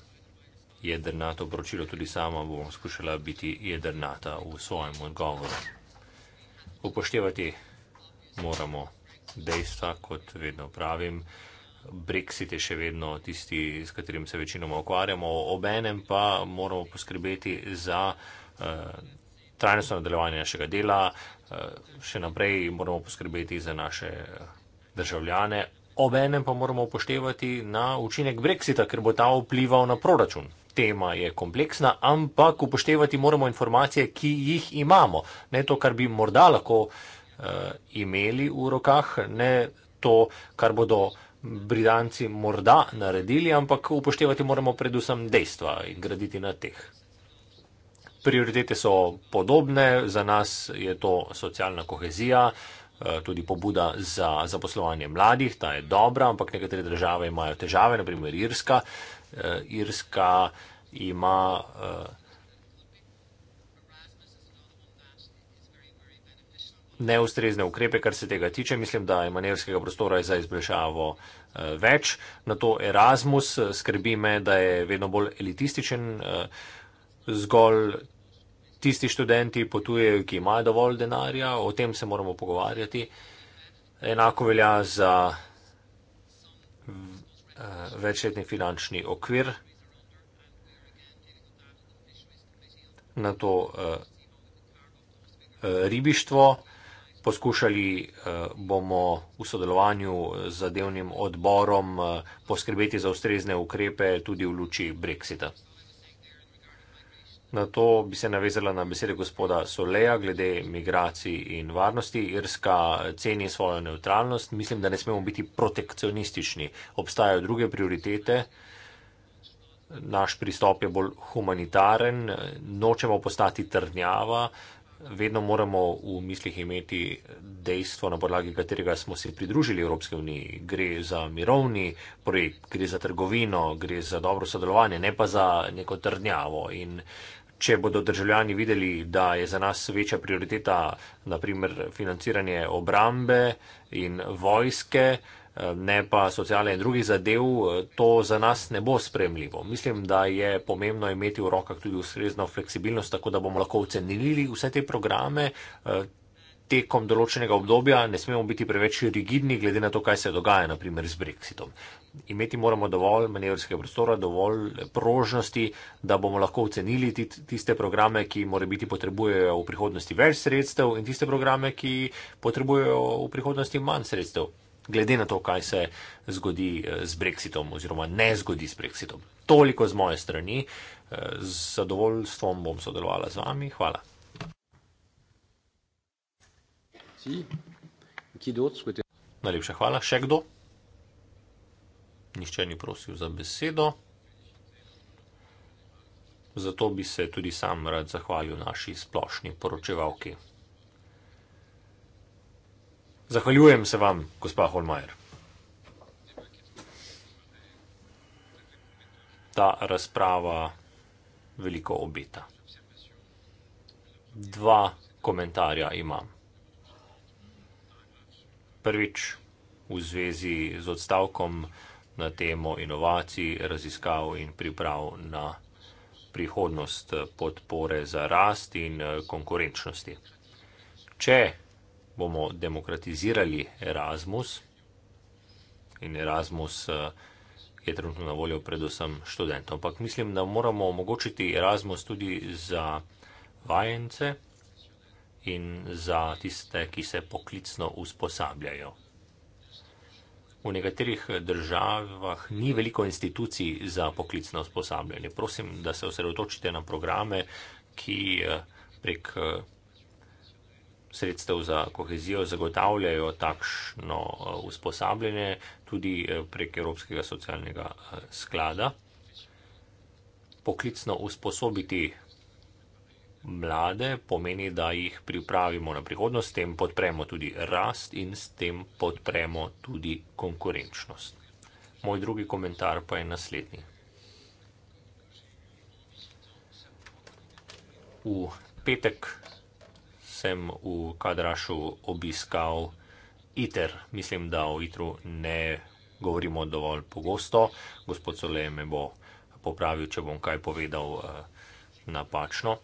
jedrnato poročilo, tudi sama bom skušala biti jedrnata v svojem odgovoru. Upoštevati moramo dejstva, kot vedno pravim. Brexit je še vedno tisti, s katerim se večinoma okvarjamo, obenem pa moramo poskrbeti za uh, trajnostno nadaljevanje našega dela, uh, še naprej moramo poskrbeti za naše eh, državljane, obenem pa moramo upoštevati na učinek Brexita, ker bo ta vplival na proračun. Tema je kompleksna, ampak upoštevati moramo informacije, ki jih imamo. Ne to, kar bi morda lahko uh, imeli v rokah, ne to, kar bodo. Britanci morda naredili, ampak upoštevati moramo predvsem dejstva in graditi na teh. Prioritete so podobne, za nas je to socialna kohezija, eh, tudi pobuda za zaposlovanje mladih, ta je dobra, ampak nekatere države imajo težave, naprimer Irska. Eh, Irska ima eh, neustrezne ukrepe, kar se tega tiče. Mislim, da je manevrskega prostora za izboljšavo eh, več. Na to Erasmus eh, skrbi me, da je vedno bolj elitističen. Eh, zgolj tisti študenti potujejo, ki imajo dovolj denarja, o tem se moramo pogovarjati. Enako velja za večletni finančni okvir. Na to uh, ribištvo, Poskušali eh, bomo v sodelovanju z zadevnim odborom eh, poskrbeti za ustrezne ukrepe tudi v luči Brexita. Na to bi se navezala na besede gospoda Soleja glede migracij in varnosti. Irska ceni svojo neutralnost. Mislim, da ne smemo biti protekcionistični. Obstajajo druge prioritete. Naš pristop je bolj humanitaren, nočemo postati trdnjava, vedno moramo v mislih imeti dejstvo, na podlagi katerega smo se pridružili Evropske unije. Gre za mirovni projekt, gre za trgovino, gre za dobro sodelovanje, ne pa za neko trdnjavo. In če bodo državljani videli, da je za nas večja prioriteta, naprimer, financiranje obrambe in vojske, ne pa socialne in drugih zadev, to za nas ne bo spremljivo. Mislim, da je pomembno imeti v rokah tudi ustrezno fleksibilnost, tako da bomo lahko ocenili vse te programe eh, tekom določenega obdobja. Ne smemo biti preveč rigidni glede na to, kaj se dogaja, naprimer z Brexitom. Imeti moramo dovolj manevrskega prostora, dovolj prožnosti, da bomo lahko ocenili tiste programe, ki more biti potrebujejo v prihodnosti več sredstev in tiste programe, ki potrebujejo v prihodnosti manj sredstev glede na to, kaj se zgodi eh, z Brexitom oziroma ne zgodi z Brexitom. Toliko z moje strani, eh, z zadovoljstvom bom sodelovala z vami. Hvala. Najlepša hvala. Še kdo? Nihče ni prosil za besedo. Zato bi se tudi sam rad zahvalil naši splošni poročevalki. Zahvaljujem se vam, gospa Holmajer. Ta razprava veliko obeta. Dva komentarja imam. Prvič v zvezi z odstavkom na temo inovacij, raziskav in priprav na prihodnost podpore za rast in konkurenčnosti. Če bomo demokratizirali Erasmus. In Erasmus eh, je trenutno na voljo predvsem študentom. Ampak mislim, da moramo omogočiti Erasmus tudi za vajence in za tiste, ki se poklicno usposabljajo. V nekaterih državah ni veliko institucij za poklicno usposabljanje. Prosim, da se osredotočite na programe, ki eh, prek eh, sredstev za kohezijo zagotavljajo takšno eh, usposabljanje tudi eh, prek Evropskega socialnega eh, sklada. Poklicno usposobiti mlade pomeni, da jih pripravimo na prihodnost, s tem podpremo tudi rast in s tem podpremo tudi konkurenčnost. Moj drugi komentar pa je naslednji. V petek sem v Kadrašu obiskal ITER. Mislim, da o ITER-u ne govorimo dovolj pogosto. Gospod Solej me bo popravil, če bom kaj povedal eh, napačno.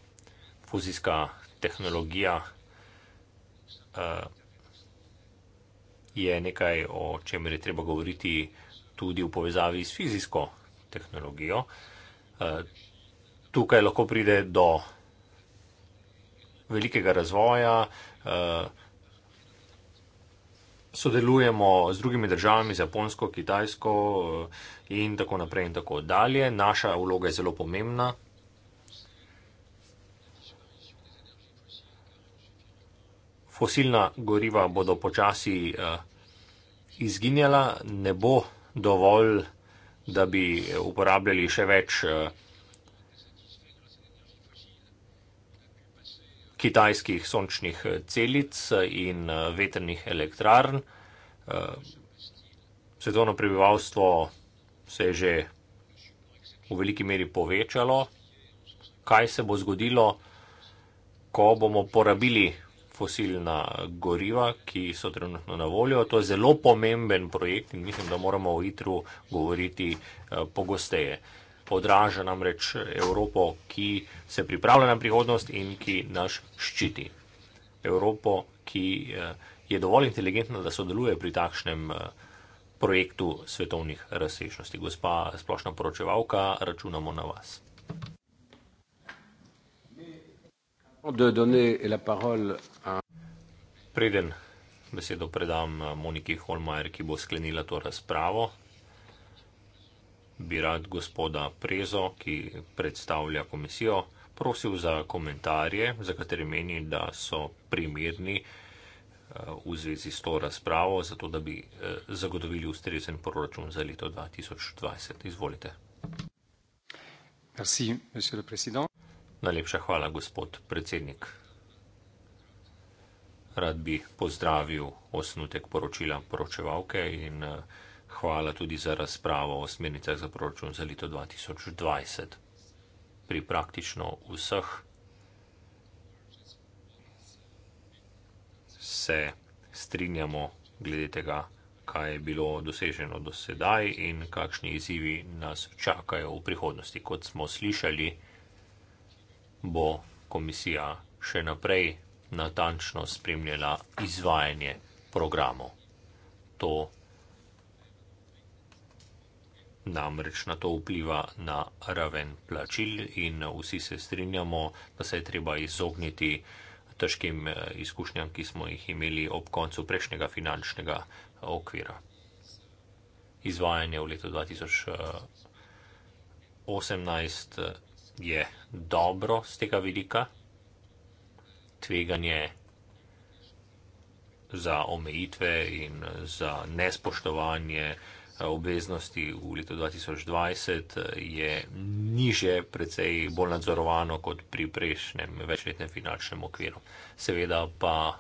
Fuzijska tehnologija eh, je nekaj, o čemer je treba govoriti tudi v povezavi s fizijsko tehnologijo. Eh, tukaj lahko pride do velikega razvoja, eh, sodelujemo z drugimi državami, z Japonsko, Kitajsko eh, in tako naprej in tako dalje. Naša vloga je zelo pomembna. Fosilna goriva bodo počasi eh, izginjala, ne bo dovolj, da bi uporabljali še več kitajskih sončnih eh, celic eh, in eh, veternih elektrarn. Svetovno prebivalstvo se je že v veliki meri povečalo. Kaj se bo zgodilo, ko bomo porabili fosilna goriva, ki so trenutno na voljo? To je zelo pomemben projekt in mislim, da moramo o ITRU govoriti pogosteje odraža namreč Evropo, ki se pripravlja na prihodnost in ki nas ščiti. Evropo, ki eh, je dovolj inteligentna, da sodeluje pri takšnem eh, projektu svetovnih razsežnosti. Gospa splošna poročevalka, računamo na vas. Preden besedo predam eh, Moniki Holmajer, ki bo sklenila to razpravo bi rad gospoda Prezo, ki predstavlja komisijo, prosil za komentarje, za katere meni, da so primerni eh, v zvezi s to razpravo, zato da bi eh, zagotovili ustrezen proračun za leto 2020. Izvolite. Merci, monsieur le président. Najlepša hvala, gospod predsednik. Rad bi pozdravil osnutek poročila poročevalke in uh, hvala tudi za razpravo o smernicah za proračun za leto 2020. Pri praktično vseh se strinjamo glede tega, kaj je bilo doseženo do sedaj in kakšni izzivi nas čakajo v prihodnosti. Kot smo slišali, bo komisija še naprej natančno spremljala izvajanje programov. To Namreč na to vpliva na raven plačil in vsi se strinjamo, da se je treba izogniti težkim eh, izkušnjam, ki smo jih imeli ob koncu prejšnjega finančnega okvira. Izvajanje v letu 2018 eh, je dobro z tega vidika. Tveganje za omejitve in eh, za nespoštovanje obveznosti v letu 2020 eh, je niže, precej bolj nadzorovano kot pri prejšnjem večletnem finančnem okviru. Seveda pa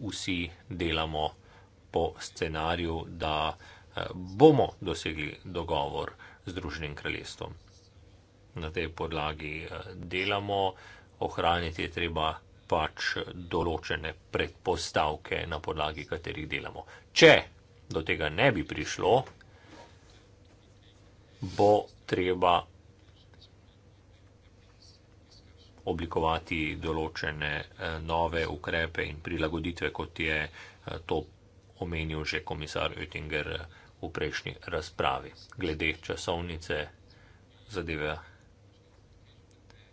vsi delamo po scenariju, da eh, bomo dosegli dogovor z Združenim kraljestvom. Na tej podlagi eh, delamo, ohraniti je treba pač določene predpostavke, na podlagi katerih delamo. Če do tega ne bi prišlo, bo treba oblikovati določene eh, nove ukrepe in prilagoditve, kot je eh, to omenil že komisar Oettinger eh, v prejšnji razpravi. Glede časovnice zadeve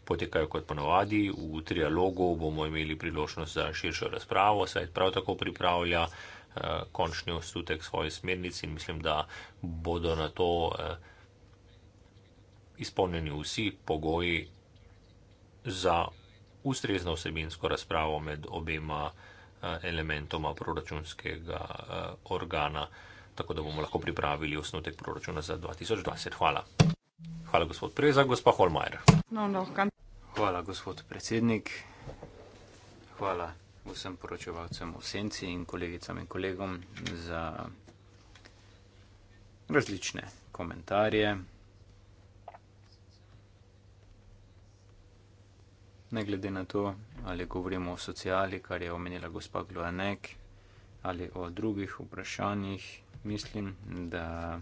potekajo kot ponovadi, v trialogu bomo imeli priložnost za širšo razpravo, saj prav tako pripravlja končni osnutek svoje smernice in mislim, da bodo na to. Eh, izpolnjeni vsi pogoji za ustrezno vsebinsko razpravo med obema eh, elementoma proračunskega eh, organa, tako da bomo lahko pripravili osnutek proračuna za 2020. Hvala. Hvala, gospod Preza, gospa Holmajer. No, no, Hvala, gospod predsednik. Hvala vsem poročevalcem v senci in kolegicam in kolegom za različne komentarje. ne glede na to, ali govorimo o sociali, kar je omenila gospa Gloanek, ali o drugih vprašanjih, mislim, da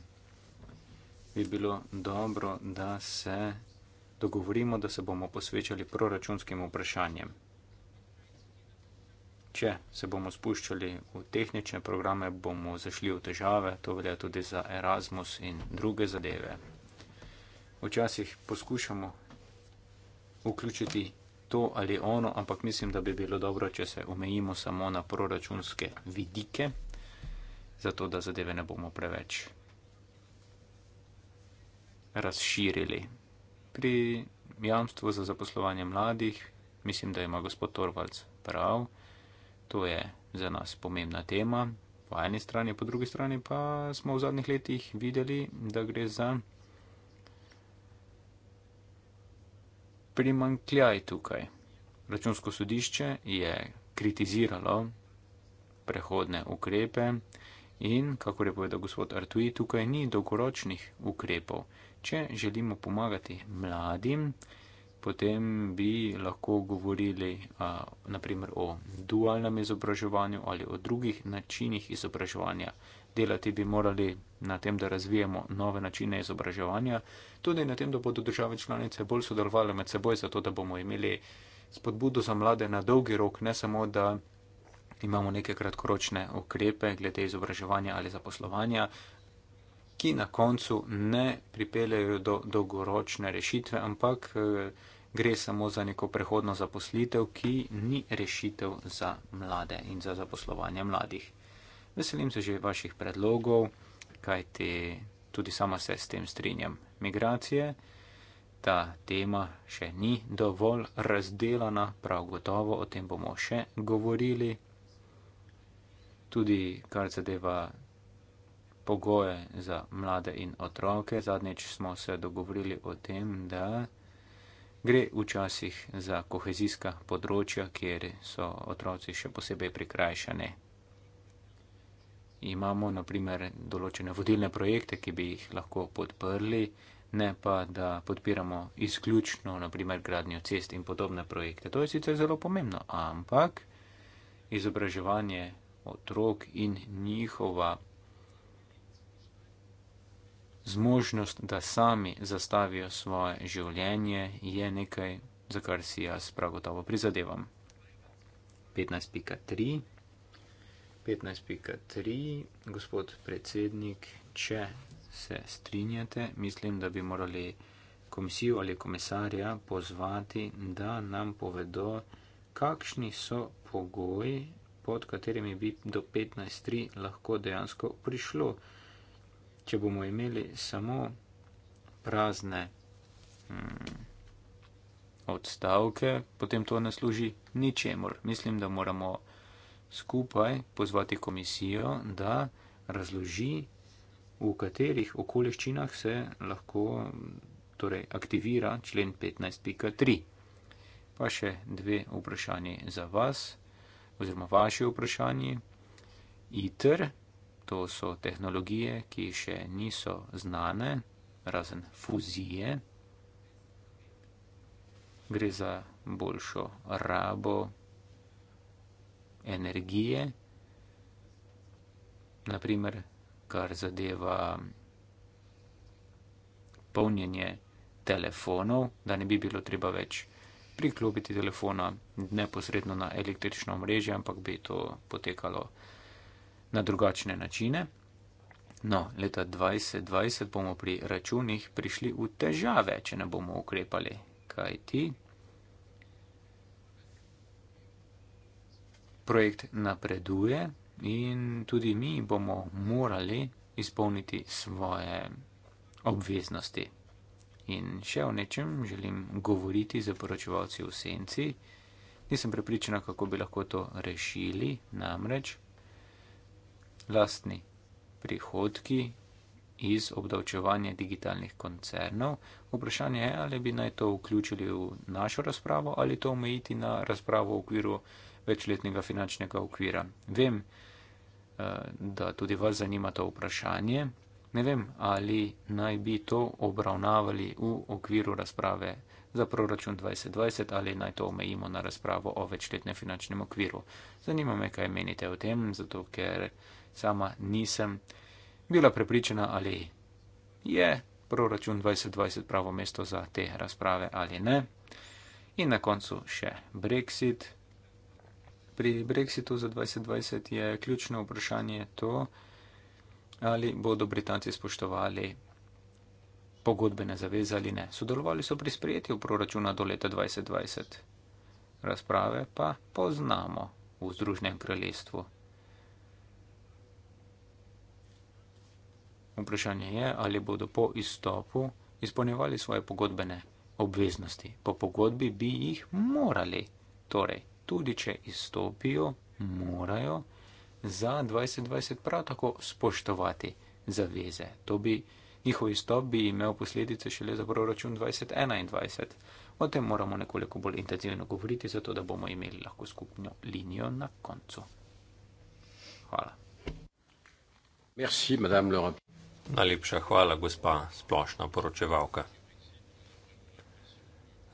bi bilo dobro, da se dogovorimo, da se bomo posvečali proračunskim vprašanjem. Če se bomo spuščali v tehnične programe, bomo zašli v težave, to velja tudi za Erasmus in druge zadeve. Včasih poskušamo vključiti to ali ono, ampak mislim, da bi bilo dobro, če se omejimo samo na proračunske vidike, zato da zadeve ne bomo preveč razširili. Pri jamstvu za zaposlovanje mladih mislim, da ima gospod Torvalds prav, to je za nas pomembna tema. Po eni strani, po drugi strani pa smo v zadnjih letih videli, da gre za primankljaj tukaj. Računsko sodišče je kritiziralo prehodne ukrepe in, kako je povedal gospod Artui, tukaj ni dolgoročnih ukrepov. Če želimo pomagati mladim, potem bi lahko govorili a, naprimer o dualnem izobraževanju ali o drugih načinih izobraževanja delati bi morali na tem, da razvijemo nove načine izobraževanja, tudi na tem, da bodo države članice bolj sodelovali med seboj, zato da bomo imeli spodbudo za mlade na dolgi rok, ne samo, da imamo neke kratkoročne ukrepe glede izobraževanja ali zaposlovanja, ki na koncu ne pripeljajo do dolgoročne rešitve, ampak eh, gre samo za neko prehodno zaposlitev, ki ni rešitev za mlade in za zaposlovanje mladih. Veselim se že vaših predlogov, kajti tudi sama se s tem strinjam. Migracije, ta tema še ni dovolj razdelana, prav gotovo o tem bomo še govorili. Tudi kar zadeva pogoje za mlade in otroke, zadnjič smo se dogovorili o tem, da gre včasih za kohezijska področja, kjer so otroci še posebej prikrajšane imamo naprimer določene vodilne projekte, ki bi jih lahko podprli, ne pa da podpiramo izključno naprimer gradnjo cest in podobne projekte. To je sicer zelo pomembno, ampak izobraževanje otrok in njihova zmožnost, da sami zastavijo svoje življenje, je nekaj, za kar si jaz prav gotovo prizadevam. 15.3. 15.3. Gospod predsednik, če se strinjate, mislim, da bi morali komisijo ali komisarja pozvati, da nam povedo, kakšni so pogoji, pod katerimi bi do 15.3 lahko dejansko prišlo. Če bomo imeli samo prazne hmm, odstavke, potem to ne služi ničemor. Mislim, da moramo skupaj pozvati komisijo, da razloži, v katerih okoliščinah se lahko torej, aktivira člen 15.3. Pa še dve vprašanje za vas, oziroma vaše vprašanje. ITER, to so tehnologije, ki še niso znane, razen fuzije. Gre za boljšo rabo energije, naprimer, kar zadeva polnjenje telefonov, da ne bi bilo treba več priklopiti telefona neposredno na električno mrežje, ampak bi to potekalo na drugačne načine. No, leta 2020 bomo pri računih prišli v težave, če ne bomo ukrepali, kaj ti projekt napreduje in tudi mi bomo morali izpolniti svoje obveznosti. In še o nečem želim govoriti z poročevalci v senci. Nisem prepričana, kako bi lahko to rešili, namreč lastni prihodki iz obdavčevanja digitalnih koncernov. Vprašanje je, ali bi naj to vključili v našo razpravo ali to omejiti na razpravo v okviru večletnega finančnega okvira. Vem, eh, da tudi vas zanima to vprašanje. Ne vem, ali naj bi to obravnavali v okviru razprave za proračun 2020 ali naj to omejimo na razpravo o večletnem finančnem okviru. Zanima me, kaj menite o tem, zato ker sama nisem bila prepričana, ali je proračun 2020 pravo mesto za te razprave ali ne. In na koncu še Brexit pri brexitu za 2020 je ključno vprašanje to, ali bodo Britanci spoštovali pogodbene zaveze ali ne. Sodelovali so pri sprejetju proračuna do leta 2020. Razprave pa poznamo v Združenem kraljestvu. Vprašanje je, ali bodo po izstopu izpolnjevali svoje pogodbene obveznosti. Po pogodbi bi jih morali. Torej, tudi če izstopijo, morajo za 2020 prav tako spoštovati zaveze. Bi, njihov izstop bi imel posledice šele za proračun 2021. O tem moramo nekoliko bolj intenzivno govoriti, zato da bomo imeli lahko skupno linijo na koncu. Hvala. Merci, Najlepša hvala, gospa splošna poročevalka.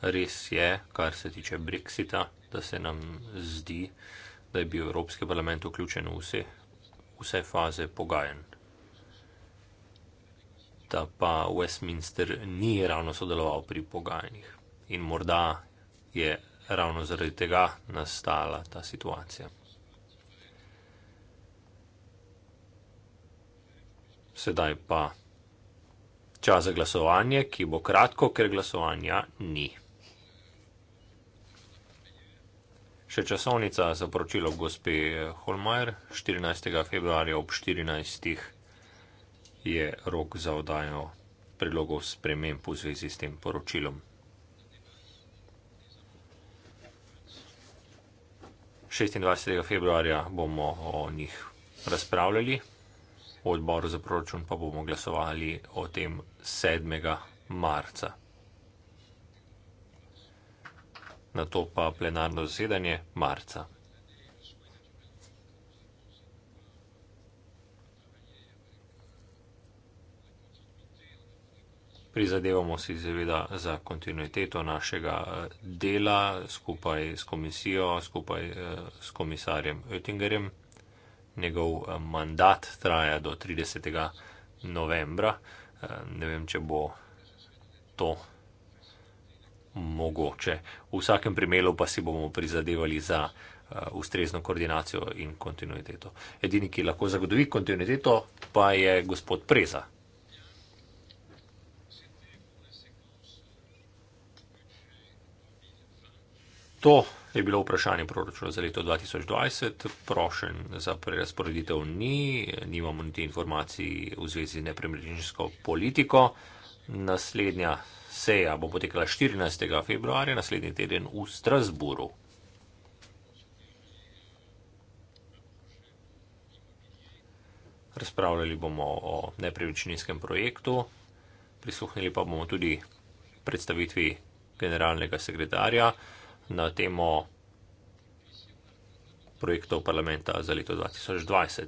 Res je, kar se tiče Brexita da se nam zdi, da je bil Evropski parlament vključen v vse, vse faze pogajanj. Da pa Westminster ni ravno sodeloval pri pogajanjih in morda je ravno zaradi tega nastala ta situacija. Sedaj pa čas za glasovanje, ki bo kratko, ker glasovanja ni. Še časovnica za poročilo gospe Holmajer, 14. februarja ob 14. je rok za odajo predlogov sprememb v zvezi s tem poročilom. 26. februarja bomo o njih razpravljali, v odboru za proračun pa bomo glasovali o tem 7. marca. na to pa plenarno zasedanje marca. Prizadevamo si seveda za kontinuiteto našega eh, dela skupaj s komisijo, skupaj eh, s komisarjem Oettingerjem. Njegov eh, mandat traja do 30. novembra. Ne vem, če bo to mogoče. V vsakem primeru pa si bomo prizadevali za uh, ustrezno koordinacijo in kontinuiteto. Edini, ki lahko zagotovi kontinuiteto, pa je gospod Preza. To je bilo vprašanje proračuna za leto 2020, prošen za prerasporeditev ni, nimamo niti informacij v zvezi z nepremrežniško politiko. Naslednja Seja bo potekala 14. februarja, naslednji teden v Strasburu. Razpravljali bomo o nepremičninskem projektu, prisluhnili pa bomo tudi predstavitvi generalnega sekretarja na temo projektov parlamenta za leto 2020.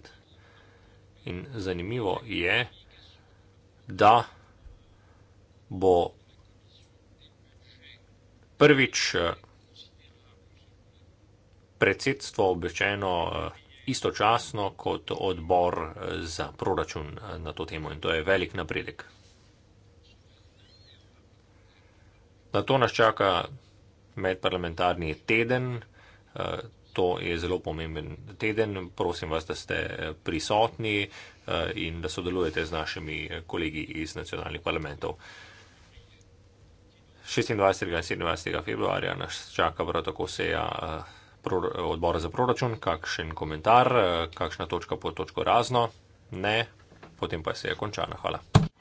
In zanimivo je, da bo prvič eh, predsedstvo obveščeno eh, istočasno kot odbor eh, za proračun na to temo in to je velik napredek. Na to nas čaka medparlamentarni teden, to je zelo pomemben teden, prosim vas, da ste prisotni in da sodelujete z našimi kolegi iz nacionalnih parlamentov. 26. in 27. februarja nas čaka vratako seja eh, odbora za proračun, kakšen komentar, eh, kakšna točka po točko razno, ne, potem pa je seja končana. Hvala.